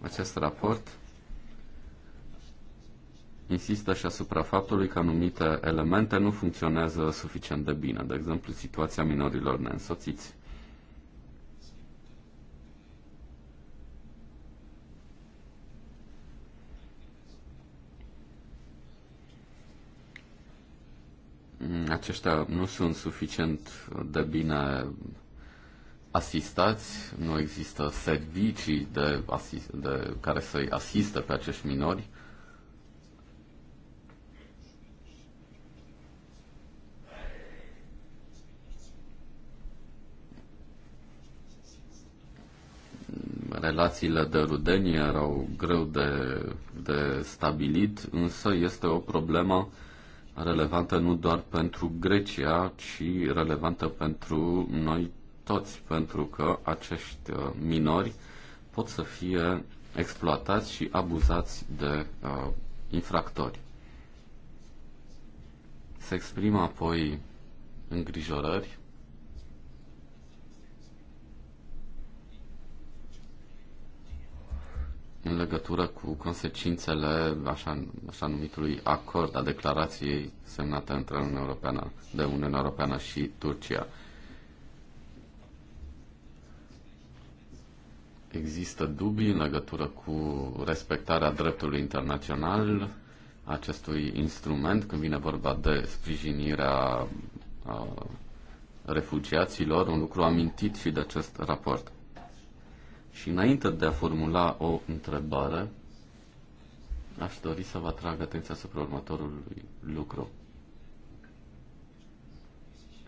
Acest raport insistă și asupra faptului că anumite elemente nu funcționează suficient de bine, de exemplu situația minorilor neînsoțiți. aceștia nu sunt suficient de bine asistați, nu există servicii de, asist, de care să-i asiste pe acești minori. Relațiile de rudenie erau greu de, de stabilit, însă este o problemă relevantă nu doar pentru Grecia, ci relevantă pentru noi toți, pentru că acești uh, minori pot să fie exploatați și abuzați de uh, infractori. Se exprimă apoi îngrijorări în legătură cu consecințele așa, așa numitului acord a declarației semnată între Uniunea Europeană, de Uniunea Europeană și Turcia. Există dubii în legătură cu respectarea dreptului internațional acestui instrument când vine vorba de sprijinirea a, refugiaților, un lucru amintit și de acest raport. Și înainte de a formula o întrebare, aș dori să vă atrag atenția asupra următorului lucru.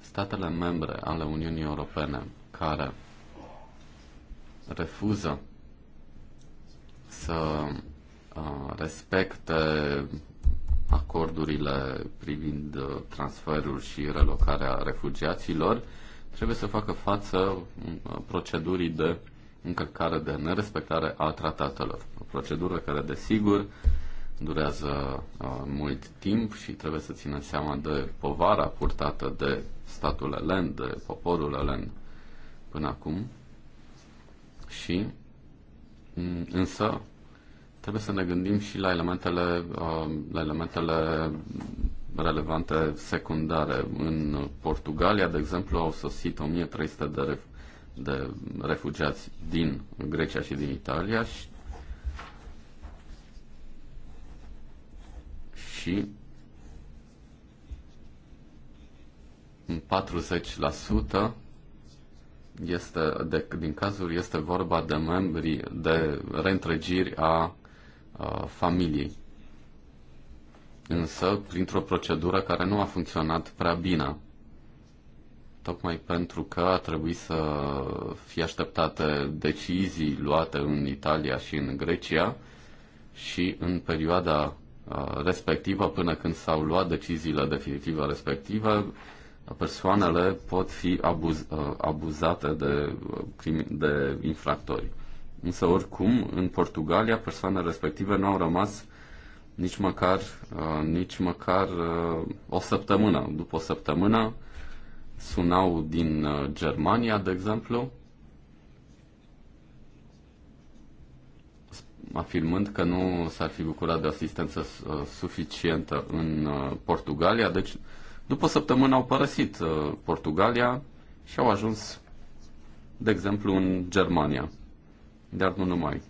Statele membre ale Uniunii Europene care refuză să uh, respecte acordurile privind uh, transferul și relocarea refugiaților, trebuie să facă față uh, procedurii de încălcare de nerespectare a tratatelor. O procedură care, desigur, durează uh, mult timp și trebuie să țină seama de povara purtată de statul elen, de poporul elen până acum. Și, mm, însă, trebuie să ne gândim și la elementele, uh, la elementele relevante secundare. În Portugalia, de exemplu, au sosit 1300 de de refugiați din Grecia și din Italia și, și 40% este de, din cazuri este vorba de membri de reîntregiri a, a familiei. Însă, printr-o procedură care nu a funcționat prea bine tocmai pentru că a trebuit să fie așteptate decizii luate în Italia și în Grecia și în perioada uh, respectivă, până când s-au luat deciziile definitive respective, persoanele pot fi abuz, uh, abuzate de, de infractori. Însă, oricum, în Portugalia, persoanele respective nu au rămas nici măcar, uh, nici măcar o săptămână. După o săptămână, sunau din uh, Germania, de exemplu, afirmând că nu s-ar fi bucurat de asistență uh, suficientă în uh, Portugalia. Deci, după săptămână au părăsit Portugalia și au ajuns, de exemplu, în Germania. Dar nu numai.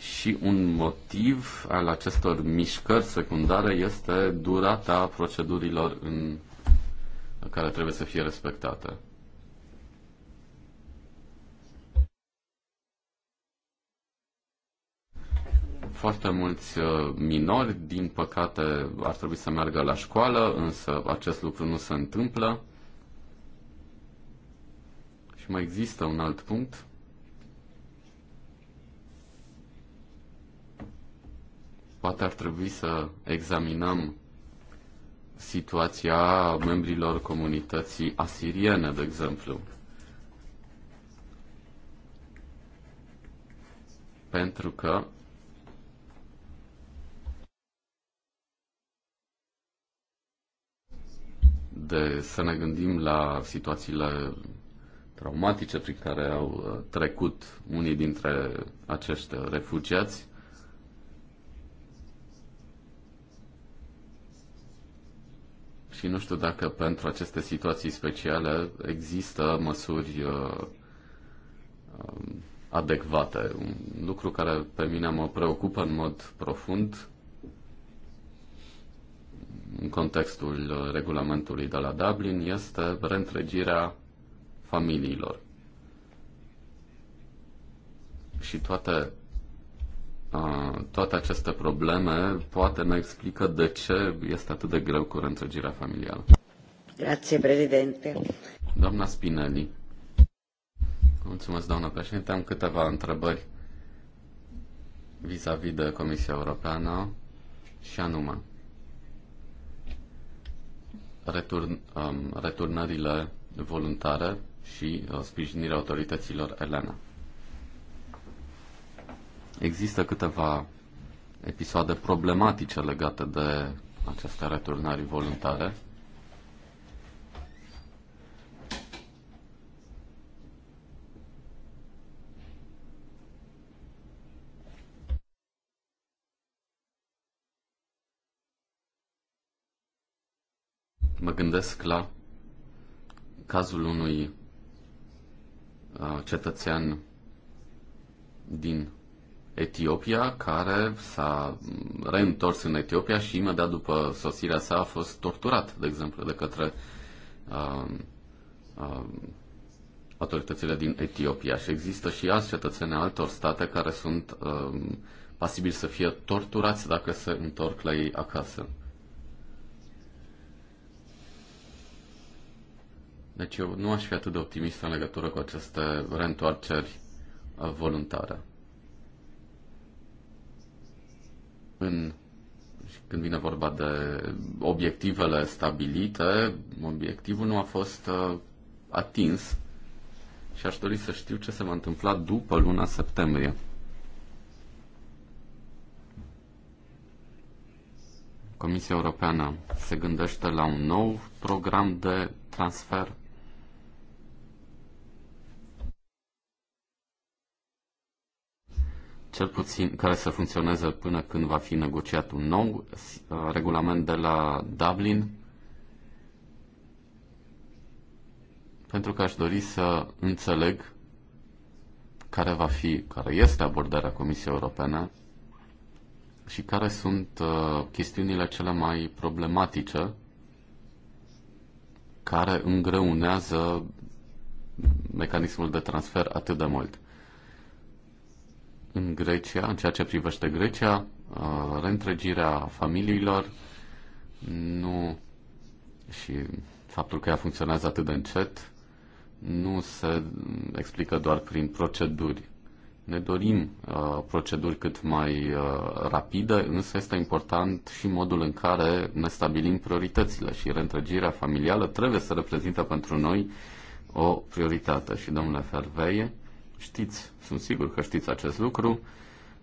Și un motiv al acestor mișcări secundare este durata procedurilor în care trebuie să fie respectată. Foarte mulți uh, minori, din păcate, ar trebui să meargă la școală, însă acest lucru nu se întâmplă. Și mai există un alt punct. Poate ar trebui să examinăm situația membrilor comunității asiriene, de exemplu. Pentru că de să ne gândim la situațiile traumatice prin care au uh, trecut unii dintre acești refugiați, și nu știu dacă pentru aceste situații speciale există măsuri uh, um, adecvate. Un lucru care pe mine mă preocupă în mod profund în contextul regulamentului de la Dublin este reîntregirea familiilor. Și toate toate aceste probleme poate ne explică de ce este atât de greu cu reîntregirea familială. Grazie, președinte. Doamna Spinelli. Mulțumesc, doamna președinte. Am câteva întrebări vis-a-vis -vis de Comisia Europeană și anume return, um, returnările voluntare și uh, sprijinirea autorităților Elena. Există câteva episoade problematice legate de aceste returnări voluntare. Mă gândesc la cazul unui uh, cetățean din Etiopia, care s-a reîntors în Etiopia și imediat după sosirea sa a fost torturat, de exemplu, de către uh, uh, autoritățile din Etiopia. Și există și alți cetățeni altor state care sunt uh, pasibili să fie torturați dacă se întorc la ei acasă. Deci eu nu aș fi atât de optimist în legătură cu aceste reîntoarceri uh, voluntare. în, când vine vorba de obiectivele stabilite, obiectivul nu a fost uh, atins și aș dori să știu ce se va întâmpla după luna septembrie. Comisia Europeană se gândește la un nou program de transfer cel puțin care să funcționeze până când va fi negociat un nou uh, regulament de la Dublin, pentru că aș dori să înțeleg care va fi, care este abordarea Comisiei Europene și care sunt uh, chestiunile cele mai problematice care îngreunează mecanismul de transfer atât de mult în Grecia, în ceea ce privește Grecia, uh, reîntregirea familiilor nu și faptul că ea funcționează atât de încet nu se explică doar prin proceduri. Ne dorim uh, proceduri cât mai uh, rapide, însă este important și modul în care ne stabilim prioritățile și reîntregirea familială trebuie să reprezintă pentru noi o prioritate. Și domnule Ferveie, Știți, sunt sigur că știți acest lucru.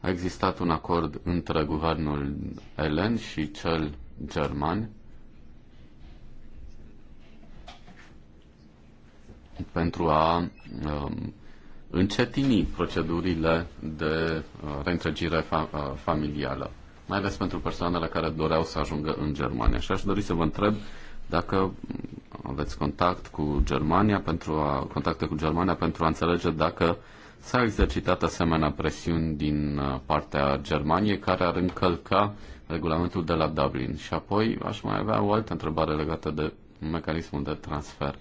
A existat un acord între guvernul elen și cel german pentru a um, încetini procedurile de uh, reîntregire fa- uh, familială, mai ales pentru persoanele care doreau să ajungă în Germania. Și aș dori să vă întreb uh, dacă aveți contact cu Germania pentru a, contacte cu Germania pentru a înțelege dacă s-a exercitat asemenea presiuni din uh, partea Germaniei care ar încălca regulamentul de la Dublin. Și apoi aș mai avea o altă întrebare legată de mecanismul de transfer.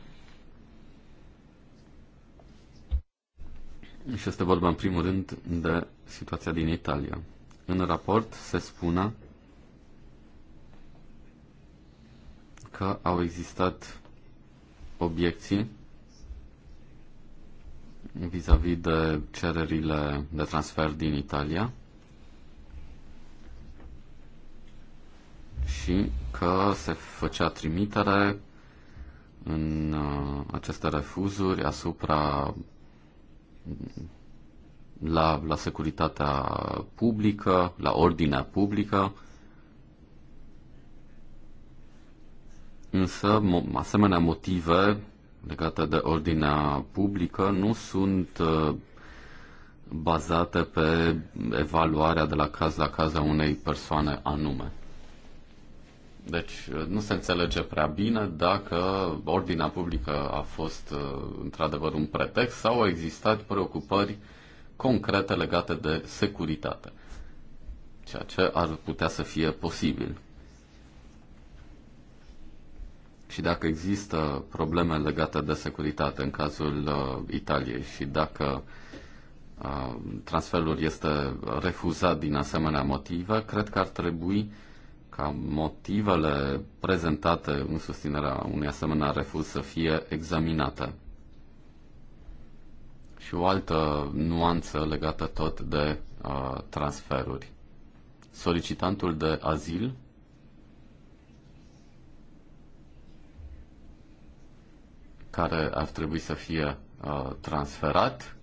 Și este vorba în primul rând de situația din Italia. În raport se spune că au existat obiecții vis-a-vis -vis de cererile de transfer din Italia și că se făcea trimitere în uh, aceste refuzuri asupra la, la securitatea publică, la ordinea publică Însă, asemenea motive legate de ordinea publică nu sunt uh, bazate pe evaluarea de la caz la caz a unei persoane anume. Deci uh, nu se înțelege prea bine dacă ordinea publică a fost uh, într-adevăr un pretext sau au existat preocupări concrete legate de securitate, ceea ce ar putea să fie posibil și dacă există probleme legate de securitate în cazul uh, Italiei și dacă uh, transferul este refuzat din asemenea motive, cred că ar trebui ca motivele prezentate în susținerea unui asemenea refuz să fie examinate. Și o altă nuanță legată tot de uh, transferuri. Solicitantul de azil care ar trebui să fie uh, transferat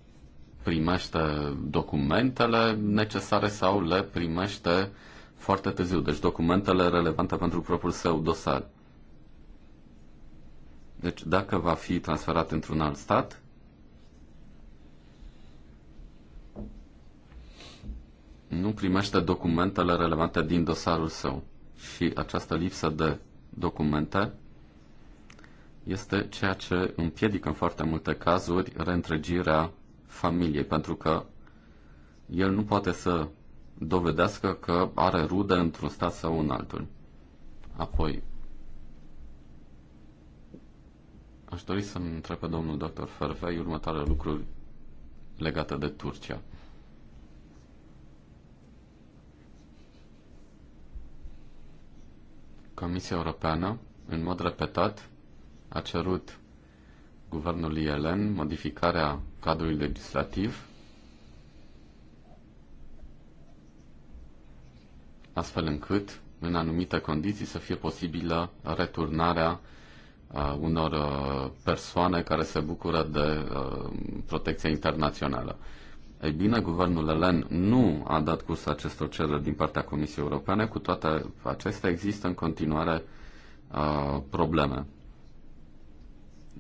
primește documentele necesare sau le primește foarte târziu, deci documentele relevante pentru propriul său dosar. Deci dacă va fi transferat într-un alt stat, nu primește documentele relevante din dosarul său. Și această lipsă de documente este ceea ce împiedică în foarte multe cazuri reîntregirea familiei, pentru că el nu poate să dovedească că are rude într-un stat sau în altul. Apoi, aș dori să-mi întreb pe domnul doctor Fervei următoarele lucruri legate de Turcia. Comisia Europeană, în mod repetat, a cerut guvernul Elen modificarea cadrului legislativ astfel încât, în anumite condiții, să fie posibilă returnarea uh, unor uh, persoane care se bucură de uh, protecție internațională. Ei bine, guvernul elen nu a dat curs acestor cereri din partea Comisiei Europene, cu toate acestea există în continuare uh, probleme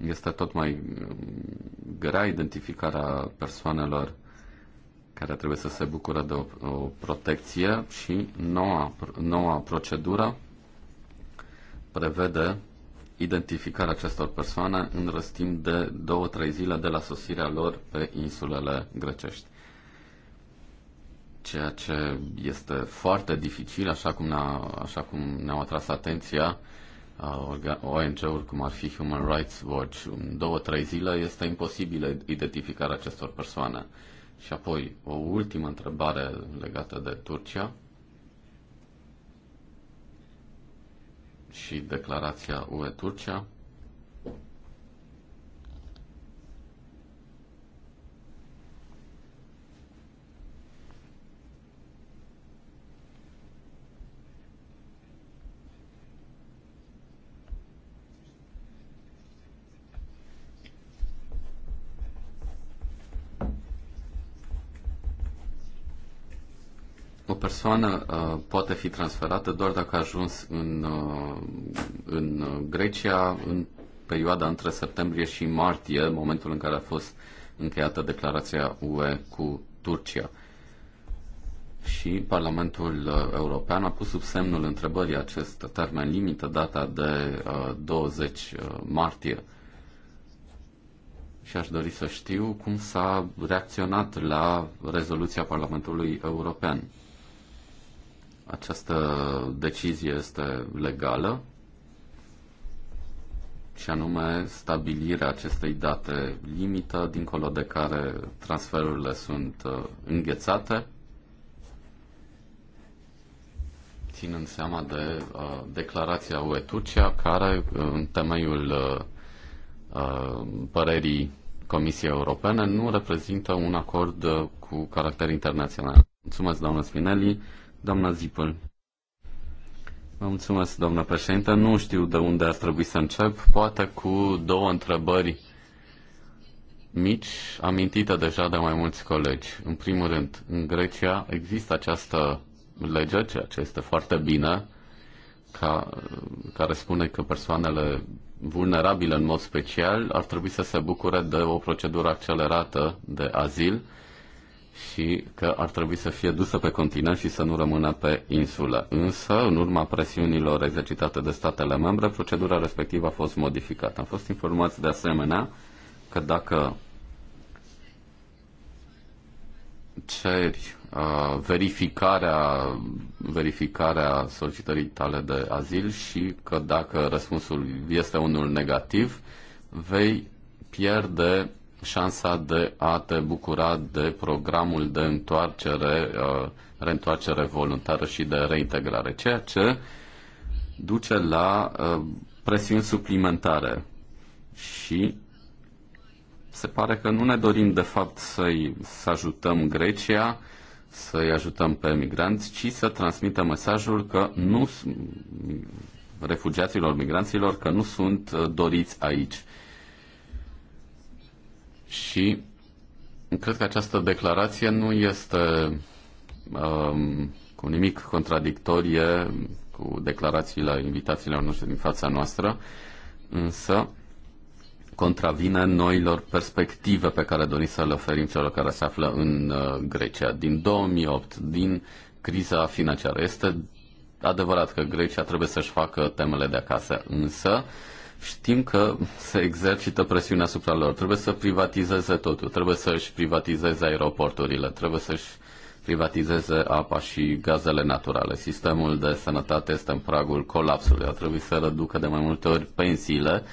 este tot mai mm, grea identificarea persoanelor care trebuie să se bucură de o, o protecție și noua, noua procedură prevede identificarea acestor persoane în răstimp de 2-3 zile de la sosirea lor pe insulele grecești. Ceea ce este foarte dificil, așa cum, ne-a, așa cum ne atras atenția ONG-uri cum ar fi Human Rights Watch în două-trei zile, este imposibilă identificarea acestor persoane. Și apoi, o ultimă întrebare legată de Turcia și declarația UE-Turcia. O persoană uh, poate fi transferată doar dacă a ajuns în, uh, în Grecia în perioada între septembrie și martie, momentul în care a fost încheiată declarația UE cu Turcia. Și Parlamentul uh, European a pus sub semnul întrebării acest termen limită, data de uh, 20 uh, martie. Și aș dori să știu cum s-a reacționat la rezoluția Parlamentului European. Această decizie este legală și anume stabilirea acestei date limită, dincolo de care transferurile sunt uh, înghețate, ținând seama de uh, declarația UE Turcia, care uh, în temeiul uh, uh, părerii Comisiei Europene nu reprezintă un acord cu caracter internațional. Mulțumesc, doamnă Spinelli. Doamna Zipăl. Vă mulțumesc, doamna președinte. Nu știu de unde ar trebui să încep. Poate cu două întrebări mici, amintite deja de mai mulți colegi. În primul rând, în Grecia există această lege, ceea ce este foarte bine, ca, care spune că persoanele vulnerabile în mod special ar trebui să se bucure de o procedură accelerată de azil și că ar trebui să fie dusă pe continent și să nu rămână pe insulă. Însă, în urma presiunilor exercitate de statele membre, procedura respectivă a fost modificată. Am fost informați de asemenea că dacă ceri uh, verificarea, verificarea solicitării tale de azil și că dacă răspunsul este unul negativ, vei pierde șansa de a te bucura de programul de întoarcere, uh, reîntoarcere voluntară și de reintegrare, ceea ce duce la uh, presiuni suplimentare și se pare că nu ne dorim de fapt să-i, să ajutăm Grecia, să-i ajutăm pe migranți, ci să transmită mesajul că nu refugiaților, migranților, că nu sunt uh, doriți aici. Și cred că această declarație nu este um, cu nimic contradictorie cu declarațiile, invitațiile noastre din fața noastră, însă contravine noilor perspective pe care dorim să le oferim celor care se află în uh, Grecia. Din 2008, din criza financiară, este adevărat că Grecia trebuie să-și facă temele de acasă, însă uh, știm că se exercită presiunea asupra lor. Trebuie să privatizeze totul, trebuie să-și privatizeze aeroporturile, trebuie să-și privatizeze apa și gazele naturale. Sistemul de sănătate este în pragul colapsului, a trebuit să reducă de mai multe ori pensiile.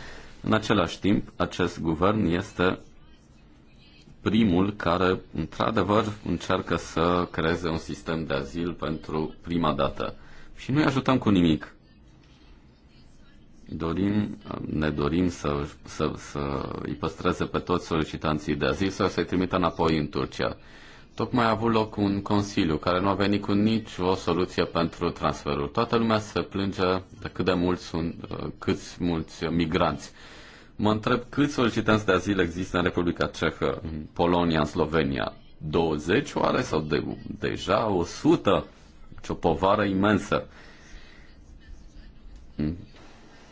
În același timp, acest guvern este primul care, într-adevăr, încearcă să creeze un sistem de azil pentru prima dată. Și nu-i ajutăm cu nimic dorim, ne dorim să, să, să îi păstreze pe toți solicitanții de azil sau să-i trimită înapoi în Turcia. Tocmai a avut loc un consiliu care nu a venit cu nici o soluție pentru transferul. Toată lumea se plânge de cât de mulți sunt, câți mulți migranți. Mă întreb câți solicitanți de azil există în Republica Cehă, în Polonia, în Slovenia. 20 oare sau de, deja 100? Ce o povară imensă.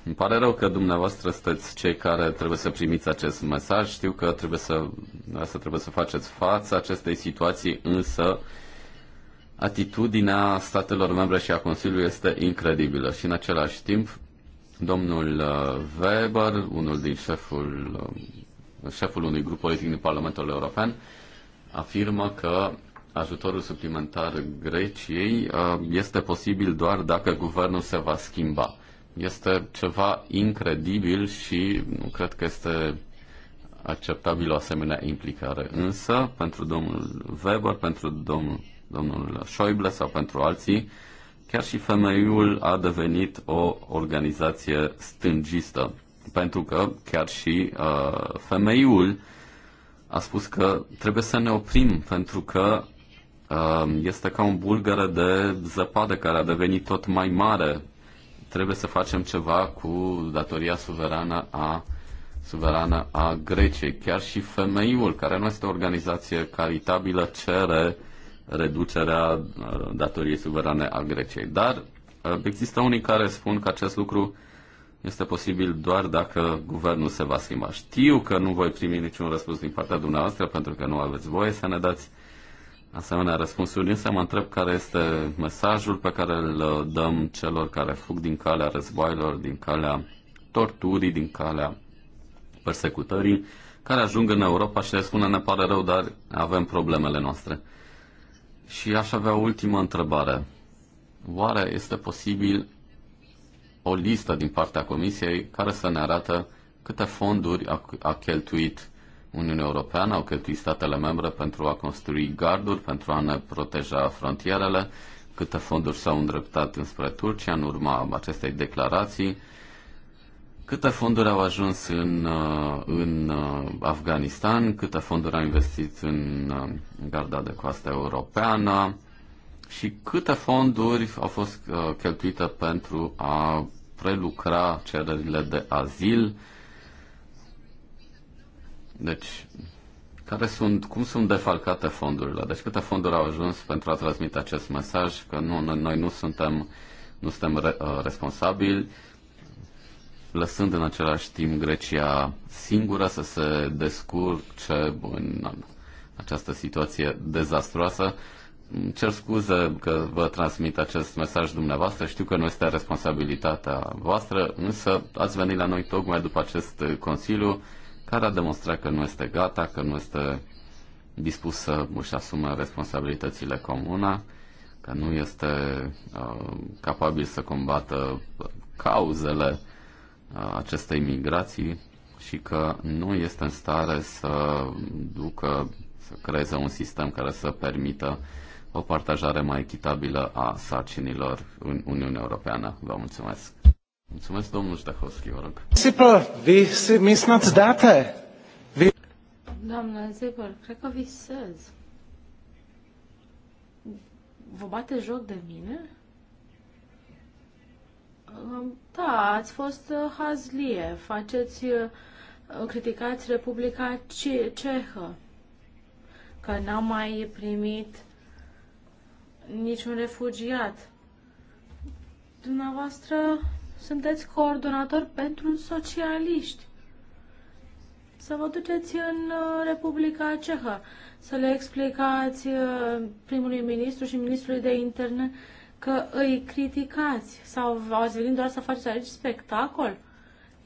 Îmi pare rău că dumneavoastră sunteți cei care trebuie să primiți acest mesaj. Știu că trebuie să, asta trebuie să faceți față acestei situații, însă atitudinea statelor membre și a Consiliului este incredibilă și în același timp domnul uh, Weber, unul din șeful, uh, șeful unui grup politic din Parlamentul European, afirmă că ajutorul suplimentar Greciei uh, este posibil doar dacă guvernul se va schimba este ceva incredibil și nu cred că este acceptabil o asemenea implicare. Însă, pentru domnul Weber, pentru domnul, domnul Schäuble sau pentru alții, chiar și femeiul a devenit o organizație stângistă. Pentru că chiar și uh, femeiul a spus că trebuie să ne oprim pentru că uh, este ca un bulgăre de zăpadă care a devenit tot mai mare trebuie să facem ceva cu datoria suverană a, suverană a Greciei. Chiar și femeiul, care nu este o organizație caritabilă, cere reducerea uh, datoriei suverane a Greciei. Dar uh, există unii care spun că acest lucru este posibil doar dacă guvernul se va schimba. Știu că nu voi primi niciun răspuns din partea dumneavoastră pentru că nu aveți voie să ne dați asemenea răspunsuri, însă mă întreb care este mesajul pe care îl dăm celor care fug din calea războaielor, din calea torturii, din calea persecutării, care ajung în Europa și le spune ne pare rău, dar avem problemele noastre. Și aș avea o ultimă întrebare. Oare este posibil o listă din partea Comisiei care să ne arată câte fonduri a, a cheltuit Uniunea Europeană au cheltuit statele membre pentru a construi garduri, pentru a ne proteja frontierele, câte fonduri s-au îndreptat înspre Turcia în urma acestei declarații, câte fonduri au ajuns în, uh, în uh, Afganistan, câte fonduri au investit în uh, garda de coastă europeană și câte fonduri au fost cheltuite pentru a prelucra cererile de azil, deci, care sunt, cum sunt defalcate fondurile? Deci câte fonduri au ajuns pentru a transmite acest mesaj că nu, noi nu suntem, nu suntem re, uh, responsabili, lăsând în același timp Grecia singură să se descurce în această situație dezastroasă. Cer scuze că vă transmit acest mesaj dumneavoastră, știu că nu este responsabilitatea voastră, însă ați venit la noi tocmai după acest Consiliu care a demonstrat că nu este gata, că nu este dispus să își asume responsabilitățile comune, că nu este uh, capabil să combată cauzele uh, acestei migrații și că nu este în stare să ducă, să creeze un sistem care să permită o partajare mai echitabilă a sarcinilor în Uniunea Europeană. Vă mulțumesc! Mulțumesc, domnul Ștahovski, vă rog. Sipel, vy si mysnad dáte. Vy... Doamna Zipel, cred că visez. Vă bate joc de mine? Da, ați fost uh, hazlie, faceți, uh, criticați Republica Ce- Cehă, că n am mai primit niciun refugiat. Dumneavoastră sunteți coordonator pentru socialiști. Să vă duceți în uh, Republica Cehă, să le explicați uh, primului ministru și ministrului de interne că îi criticați sau ați venit doar să faceți aici spectacol.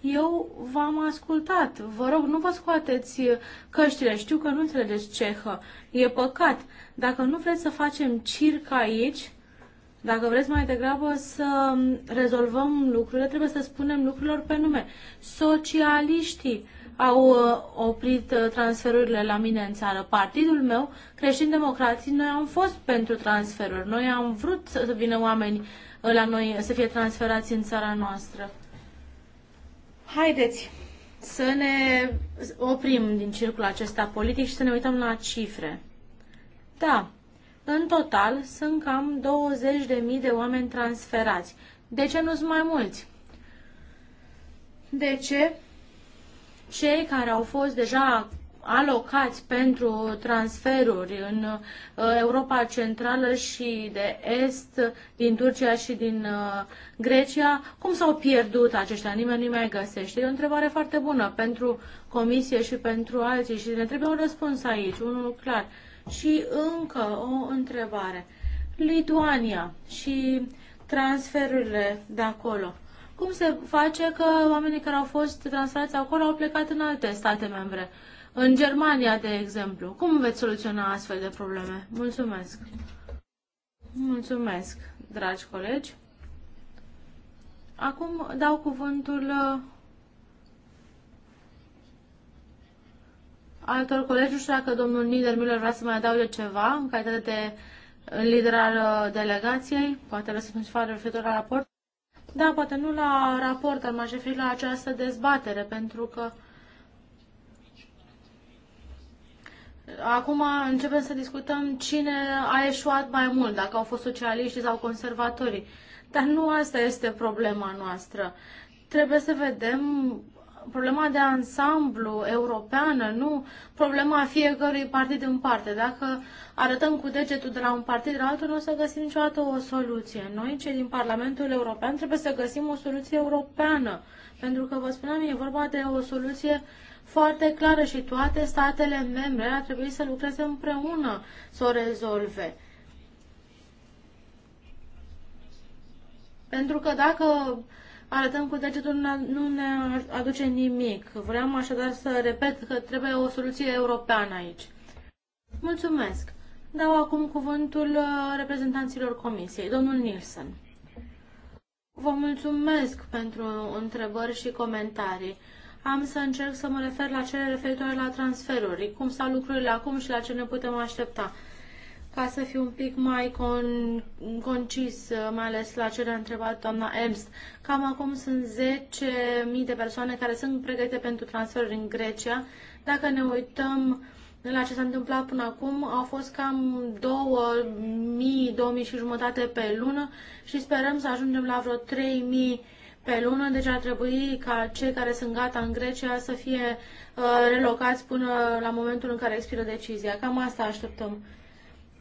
Eu v-am ascultat. Vă rog, nu vă scoateți uh, căștile. Știu că nu înțelegeți cehă. E păcat. Dacă nu vreți să facem circ aici, dacă vreți mai degrabă să rezolvăm lucrurile, trebuie să spunem lucrurilor pe nume. Socialiștii au uh, oprit uh, transferurile la mine în țară. Partidul meu, creștin democrații, noi am fost pentru transferuri. Noi am vrut să vină oameni uh, la noi să fie transferați în țara noastră. Haideți să ne oprim din circul acesta politic și să ne uităm la cifre. Da, în total sunt cam 20.000 de oameni transferați. De ce nu sunt mai mulți? De ce cei care au fost deja alocați pentru transferuri în uh, Europa Centrală și de Est, din Turcia și din uh, Grecia, cum s-au pierdut aceștia? Nimeni nu mai găsește. E o întrebare foarte bună pentru Comisie și pentru alții și ne trebuie un răspuns aici, unul clar. Și încă o întrebare. Lituania și transferurile de acolo. Cum se face că oamenii care au fost transferați acolo au plecat în alte state membre? În Germania, de exemplu. Cum veți soluționa astfel de probleme? Mulțumesc! Mulțumesc, dragi colegi! Acum dau cuvântul altor colegi. Nu știu dacă domnul Niedermüller vrea să mai adaugă ceva în calitate de lider al uh, delegației. Poate răspunde ceva referitor la raport. Da, poate nu la raport, dar m-aș referi la această dezbatere, pentru că Acum începem să discutăm cine a eșuat mai mult, dacă au fost socialiștii sau conservatorii. Dar nu asta este problema noastră. Trebuie să vedem problema de ansamblu europeană, nu problema fiecărui partid în parte. Dacă arătăm cu degetul de la un partid la altul, nu o să găsim niciodată o soluție. Noi, cei din Parlamentul European, trebuie să găsim o soluție europeană. Pentru că, vă spuneam, e vorba de o soluție foarte clară și toate statele membre ar trebui să lucreze împreună să o rezolve. Pentru că dacă arătăm cu degetul nu ne aduce nimic. Vreau așadar să repet că trebuie o soluție europeană aici. Mulțumesc. Dau acum cuvântul uh, reprezentanților comisiei. Domnul Nilsson. Vă mulțumesc pentru întrebări și comentarii. Am să încerc să mă refer la cele referitoare la transferuri, cum stau lucrurile acum și la ce ne putem aștepta. Ca să fiu un pic mai con, concis, mai ales la ce a întrebat doamna Ernst, cam acum sunt 10.000 de persoane care sunt pregătite pentru transferuri în Grecia. Dacă ne uităm la ce s-a întâmplat până acum, au fost cam 2.000, 2.000 și jumătate pe lună și sperăm să ajungem la vreo 3.000 pe lună, deci ar trebui ca cei care sunt gata în Grecia să fie uh, relocați până la momentul în care expiră decizia. Cam asta așteptăm.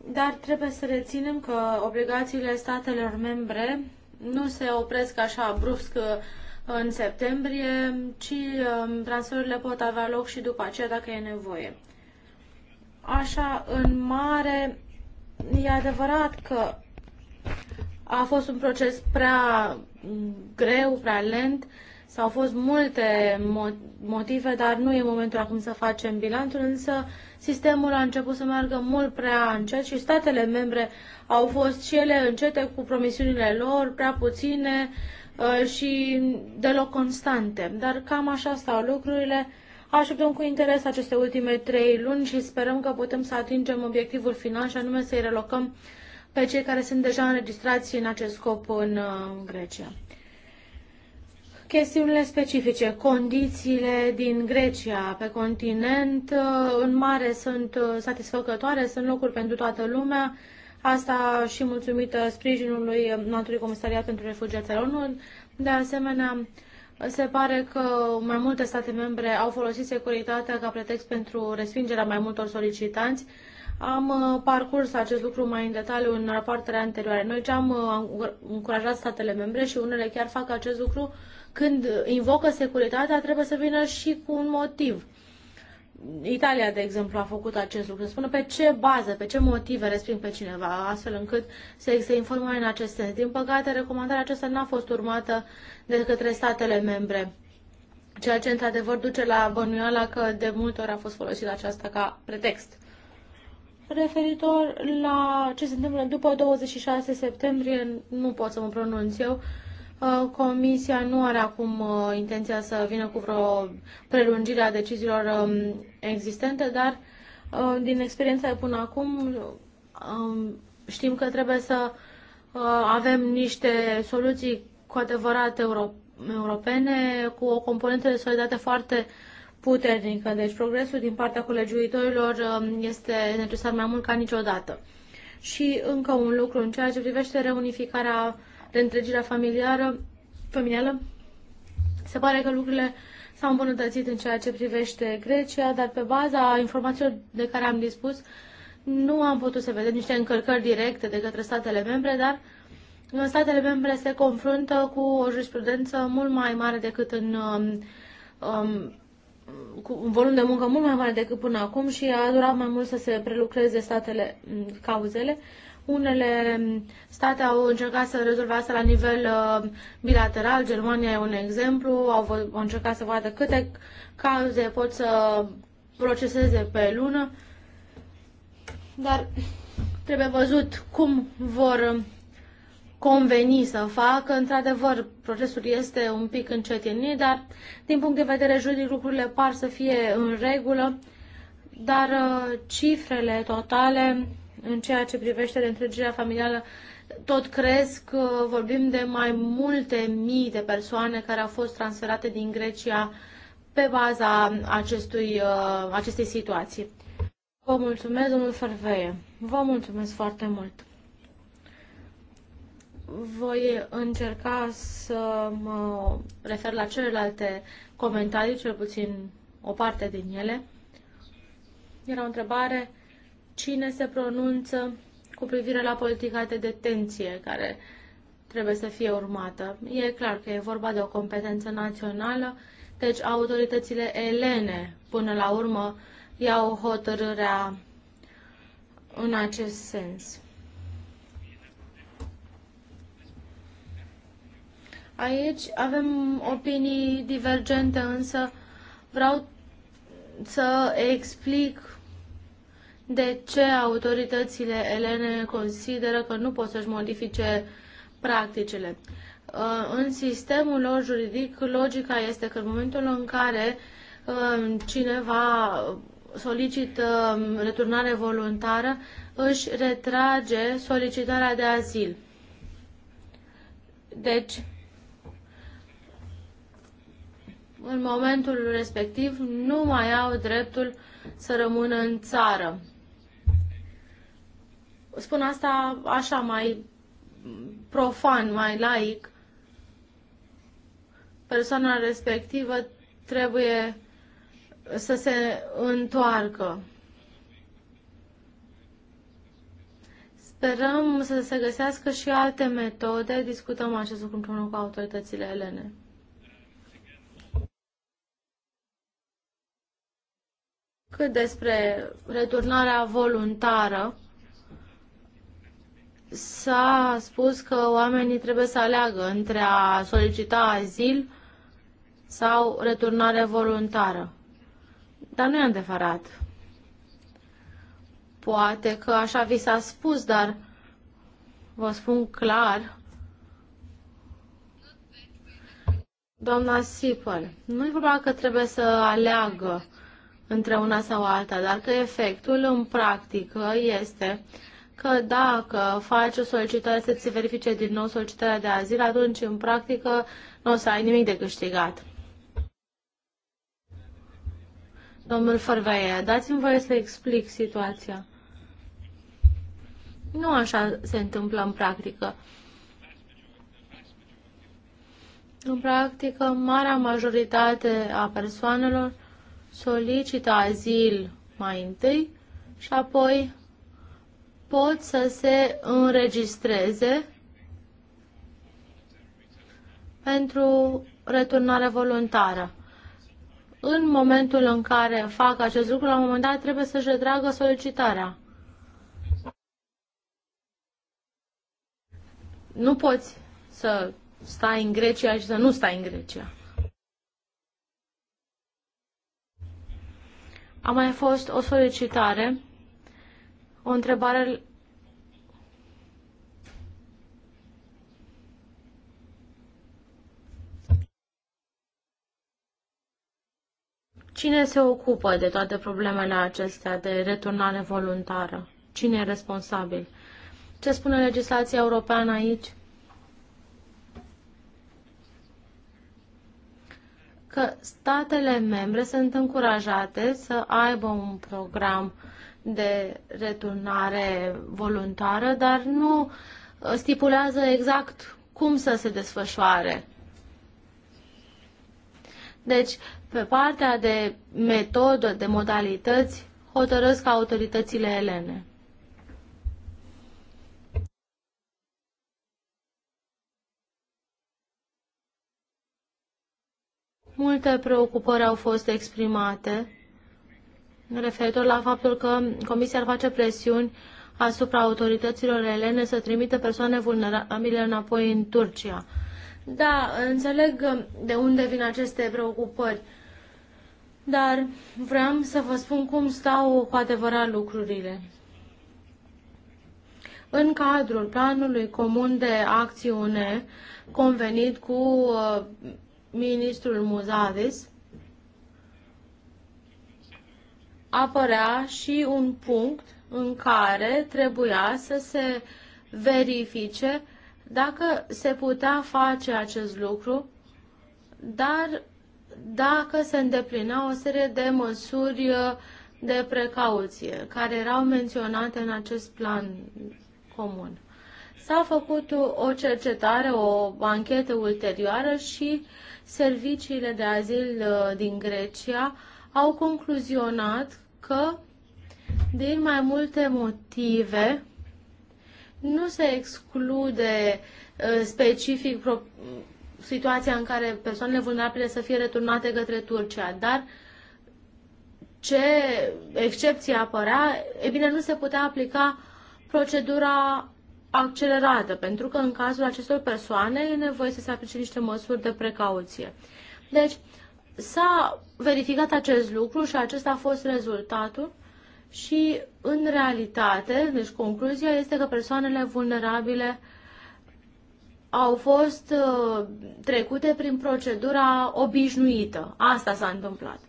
Dar trebuie să reținem că obligațiile statelor membre nu se opresc așa brusc uh, în septembrie, ci um, transferurile pot avea loc și după aceea dacă e nevoie. Așa, în mare, e adevărat că a fost un proces prea mm, greu, prea lent, S-au fost multe motive, dar nu e momentul acum să facem bilanțul, însă sistemul a început să meargă mult prea încet și statele membre au fost și ele încete cu promisiunile lor, prea puține uh, și deloc constante. Dar cam așa stau lucrurile. Așteptăm cu interes aceste ultime trei luni și sperăm că putem să atingem obiectivul final și anume să-i relocăm pe cei care sunt deja înregistrați în acest scop în uh, Grecia chestiunile specifice, condițiile din Grecia pe continent, uh, în mare sunt uh, satisfăcătoare, sunt locuri pentru toată lumea, asta și mulțumită sprijinului Natului Comisariat pentru Refugiați al ONU. De asemenea, se pare că mai multe state membre au folosit securitatea ca pretext pentru respingerea mai multor solicitanți. Am uh, parcurs acest lucru mai în detaliu în rapoartele anterioare. Noi ce am încurajat statele membre și unele chiar fac acest lucru când invocă securitatea, trebuie să vină și cu un motiv. Italia, de exemplu, a făcut acest lucru. Spune pe ce bază, pe ce motive resping pe cineva, astfel încât să existe informe în acest sens. Din păcate, recomandarea aceasta n-a fost urmată de către statele membre, ceea ce, într-adevăr, duce la bănuiala că de multe ori a fost folosită aceasta ca pretext. Referitor la ce se întâmplă după 26 septembrie, nu pot să mă pronunț eu, Uh, comisia nu are acum uh, intenția să vină cu vreo prelungire a deciziilor um, existente, dar uh, din experiența de până acum um, știm că trebuie să avem niște soluții cu adevărat euro europene, cu o componentă de solidaritate foarte puternică. Deci progresul din partea colegiuitorilor um, este necesar mai mult ca niciodată. Și încă un lucru în ceea ce privește reunificarea uh, întregirea familiară, familială. Se pare că lucrurile s-au îmbunătățit în ceea ce privește Grecia, dar pe baza informațiilor de care am dispus, nu am putut să vedem niște încălcări directe de către statele membre, dar uh, statele membre se confruntă cu o jurisprudență mult mai mare decât în um, um, cu un volum de muncă mult mai mare decât până acum și a durat mai mult să se prelucreze statele mm, cauzele. Unele state au încercat să rezolve asta la nivel uh, bilateral, Germania e un exemplu, au, au încercat să vadă câte cauze pot să proceseze pe lună, dar trebuie văzut cum vor uh, conveni să facă. Într-adevăr, procesul este un pic încetinit, dar din punct de vedere juridic lucrurile par să fie în regulă, dar uh, cifrele totale în ceea ce privește reîntregirea familială, tot cresc, uh, vorbim de mai multe mii de persoane care au fost transferate din Grecia pe baza acestui, uh, acestei situații. Vă mulțumesc, domnul Ferveie. Vă mulțumesc foarte mult. Voi încerca să mă refer la celelalte comentarii, cel puțin o parte din ele. Era o întrebare cine se pronunță cu privire la politica de detenție care trebuie să fie urmată. E clar că e vorba de o competență națională, deci autoritățile elene, până la urmă, iau hotărârea în acest sens. Aici avem opinii divergente, însă vreau să explic de ce autoritățile elene consideră că nu pot să-și modifice practicile. Uh, în sistemul lor juridic, logica este că în momentul în care uh, cineva solicită um, returnare voluntară, își retrage solicitarea de azil. Deci, în momentul respectiv, nu mai au dreptul să rămână în țară spun asta așa, mai profan, mai laic, persoana respectivă trebuie să se întoarcă. Sperăm să se găsească și alte metode. Discutăm acest lucru împreună cu autoritățile elene. Cât despre returnarea voluntară, s-a spus că oamenii trebuie să aleagă între a solicita azil sau returnare voluntară. Dar nu e adevărat. Poate că așa vi s-a spus, dar vă spun clar. Doamna Sipăl, nu e vorba că trebuie să aleagă între una sau alta, dar că efectul în practică este că dacă faci o solicitare să ți se verifice din nou solicitarea de azil, atunci în practică nu o să ai nimic de câștigat. Domnul Fărveie, dați-mi voie să explic situația. Nu așa se întâmplă în practică. În practică, marea majoritate a persoanelor solicită azil mai întâi și apoi pot să se înregistreze pentru returnare voluntară. În momentul în care fac acest lucru, la un moment dat trebuie să-și retragă solicitarea. Nu poți să stai în Grecia și să nu stai în Grecia. A mai fost o solicitare o întrebare Cine se ocupă de toate problemele acestea de returnare voluntară? Cine e responsabil? Ce spune legislația europeană aici? Că statele membre sunt încurajate să aibă un program uh, de returnare voluntară, dar nu stipulează exact cum să se desfășoare. Deci, pe partea de metodă, de modalități, hotărăsc autoritățile elene. Multe preocupări au fost exprimate referitor la faptul că Comisia ar face presiuni asupra autorităților elene să trimită persoane vulnerabile înapoi în Turcia. Da, înțeleg de unde vin aceste preocupări, dar vreau să vă spun cum stau cu adevărat lucrurile. În cadrul planului comun de acțiune convenit cu uh, ministrul Muzadis, apărea și un punct în care trebuia să se verifice dacă se putea face acest lucru, dar dacă se îndeplina o serie de măsuri uh, de precauție care erau menționate în acest plan comun. S-a făcut o cercetare, o anchetă ulterioară și serviciile de azil uh, din Grecia au concluzionat că din mai multe motive nu se exclude uh, specific situația în care persoanele vulnerabile să fie returnate către Turcia, dar ce excepție apărea, e bine, nu se putea aplica procedura accelerată, pentru că în cazul acestor persoane e nevoie să se aplice niște măsuri de precauție. Deci, s-a verificat acest lucru și acesta a fost rezultatul și în realitate, deci concluzia este că persoanele vulnerabile au fost uh, trecute prin procedura obișnuită. Asta s-a întâmplat.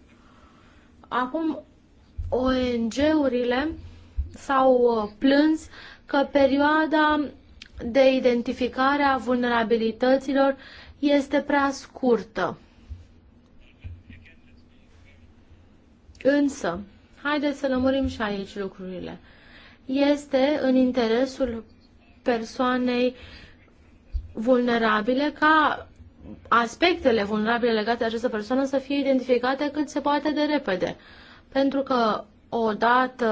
Acum, ONG-urile s-au uh, plâns că perioada de identificare a vulnerabilităților este prea scurtă. Însă, haideți să lămurim și aici lucrurile. Este în interesul persoanei vulnerabile ca aspectele vulnerabile legate de această persoană să fie identificate cât se poate de repede. Pentru că odată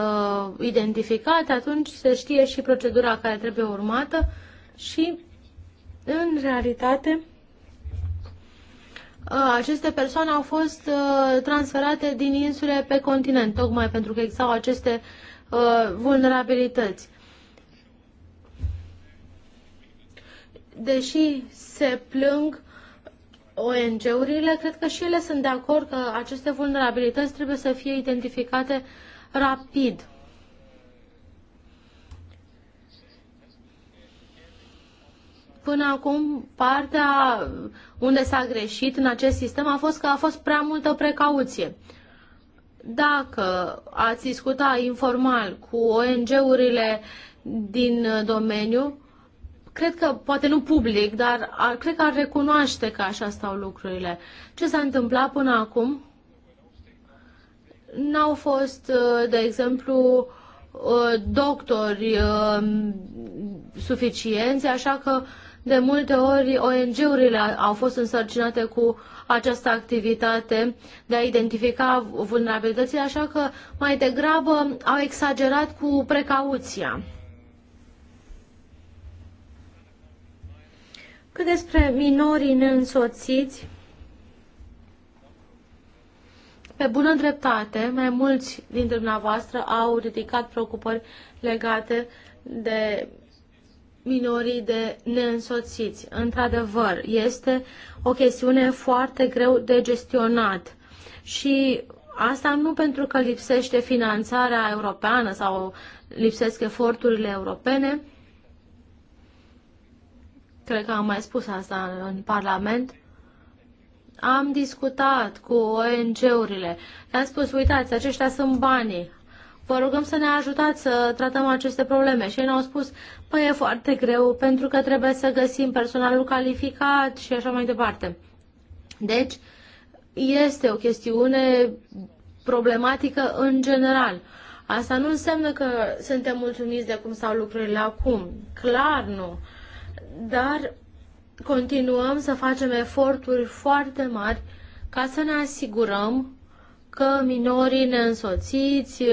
identificate, atunci se știe și procedura care trebuie urmată și, în realitate, Ah, aceste persoane au fost ah, transferate din insule pe continent, tocmai pentru că existau aceste ah, vulnerabilități. Deși se plâng ONG-urile, cred că și ele sunt de acord că aceste vulnerabilități trebuie să fie identificate rapid. până acum partea unde s-a greșit în acest sistem a fost că a fost prea multă precauție. Dacă ați discuta informal cu ONG-urile din domeniu, cred că, poate nu public, dar ar, cred că ar recunoaște că așa stau lucrurile. Ce s-a întâmplat până acum? N-au fost, de exemplu, doctori uh, suficienți, așa că de multe ori ONG-urile au fost însărcinate cu această activitate de a identifica vulnerabilitățile, așa că mai degrabă au exagerat cu precauția. Cât despre minorii neînsoțiți, pe bună dreptate, mai mulți dintre dumneavoastră au ridicat preocupări legate de minorii de neînsoțiți. Într-adevăr, este o chestiune foarte greu de gestionat și asta nu pentru că lipsește finanțarea europeană sau lipsesc eforturile europene, cred că am mai spus asta în Parlament, am discutat cu ONG-urile. Le-am spus, uitați, aceștia sunt banii, vă rugăm să ne ajutați să tratăm aceste probleme. Și ei ne-au spus, păi e foarte greu pentru că trebuie să găsim personalul calificat și așa mai departe. Deci, este o chestiune problematică în general. Asta nu înseamnă că suntem mulțumiți de cum stau lucrurile acum. Clar nu. Dar continuăm să facem eforturi foarte mari ca să ne asigurăm că minorii neînsoțiți,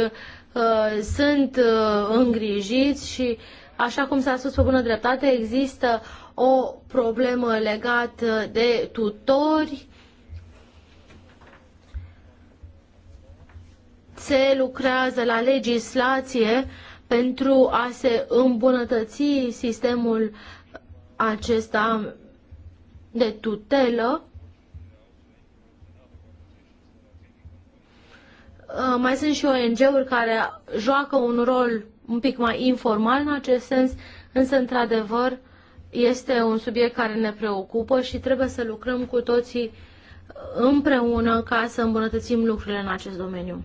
Uh, sunt uh, îngrijiți și, așa cum s-a spus pe bună dreptate, există o problemă legată de tutori. Se lucrează la legislație pentru a se îmbunătăți sistemul acesta de tutelă Uh, mai sunt și ONG-uri care joacă un rol un pic mai informal în acest sens, însă, într-adevăr, este un subiect care ne preocupă și trebuie să lucrăm cu toții împreună ca să îmbunătățim lucrurile în acest domeniu.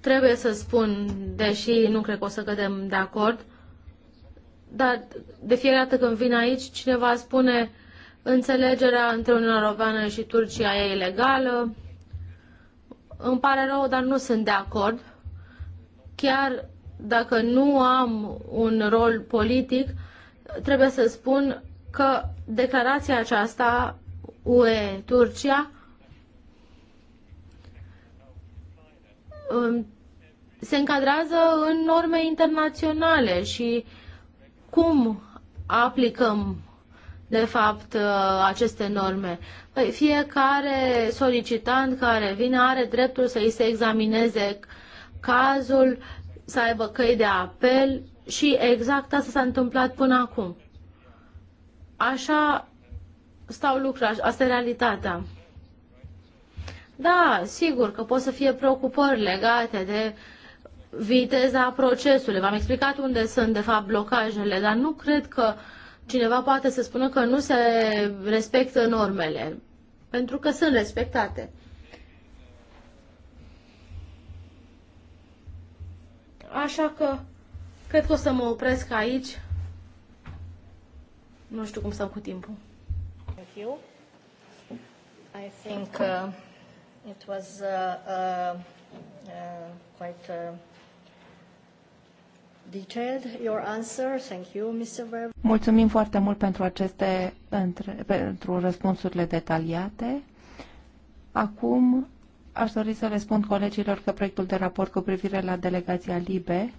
Trebuie să spun, deși nu cred că o să cădem de acord, dar de fiecare dată când vin aici, cineva spune înțelegerea între Uniunea Europeană și Turcia e ilegală. Îmi pare rău, dar nu sunt de acord. Chiar dacă nu am un rol politic, trebuie să spun că declarația aceasta UE-Turcia se încadrează în norme internaționale și uh, cum aplicăm de fapt uh, aceste norme. Păi fiecare solicitant care vine are dreptul să îi se examineze cazul, să aibă căi de apel și exact asta s-a întâmplat până acum. Așa stau lucrurile, asta e realitatea. Da, sigur că pot să fie preocupări legate de viteza procesului. V-am explicat unde sunt, de fapt, blocajele, dar nu cred că cineva poate să spună că nu se respectă normele, pentru că sunt respectate. Așa că cred că o să mă opresc aici. Nu știu cum stau cu timpul. I think uh, it was uh, uh, uh, quite uh, detailed your answer. Thank you, Mr. Weber. Mulțumim foarte mult pentru aceste pentru răspunsurile detaliate. Acum aș dori să răspund colegilor că proiectul de raport cu privire la delegația LIBE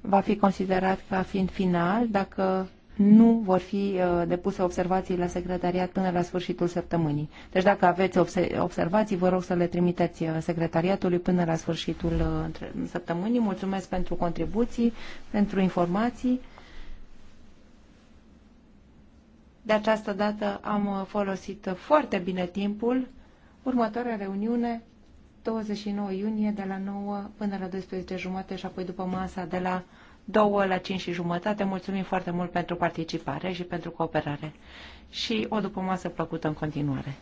va fi considerat ca fiind final dacă nu vor fi uh, depuse observații la secretariat până la sfârșitul săptămânii. Deci dacă aveți observații, vă rog să le trimiteți uh, secretariatului până la sfârșitul uh, săptămânii. Mulțumesc pentru contribuții, pentru informații. De această dată am folosit foarte bine timpul. Următoarea reuniune, 29 iunie, de la 9 până la 12.30 și apoi după masa de la Două la cinci și jumătate. Mulțumim foarte mult pentru participare și pentru cooperare. Și o după masă plăcută în continuare.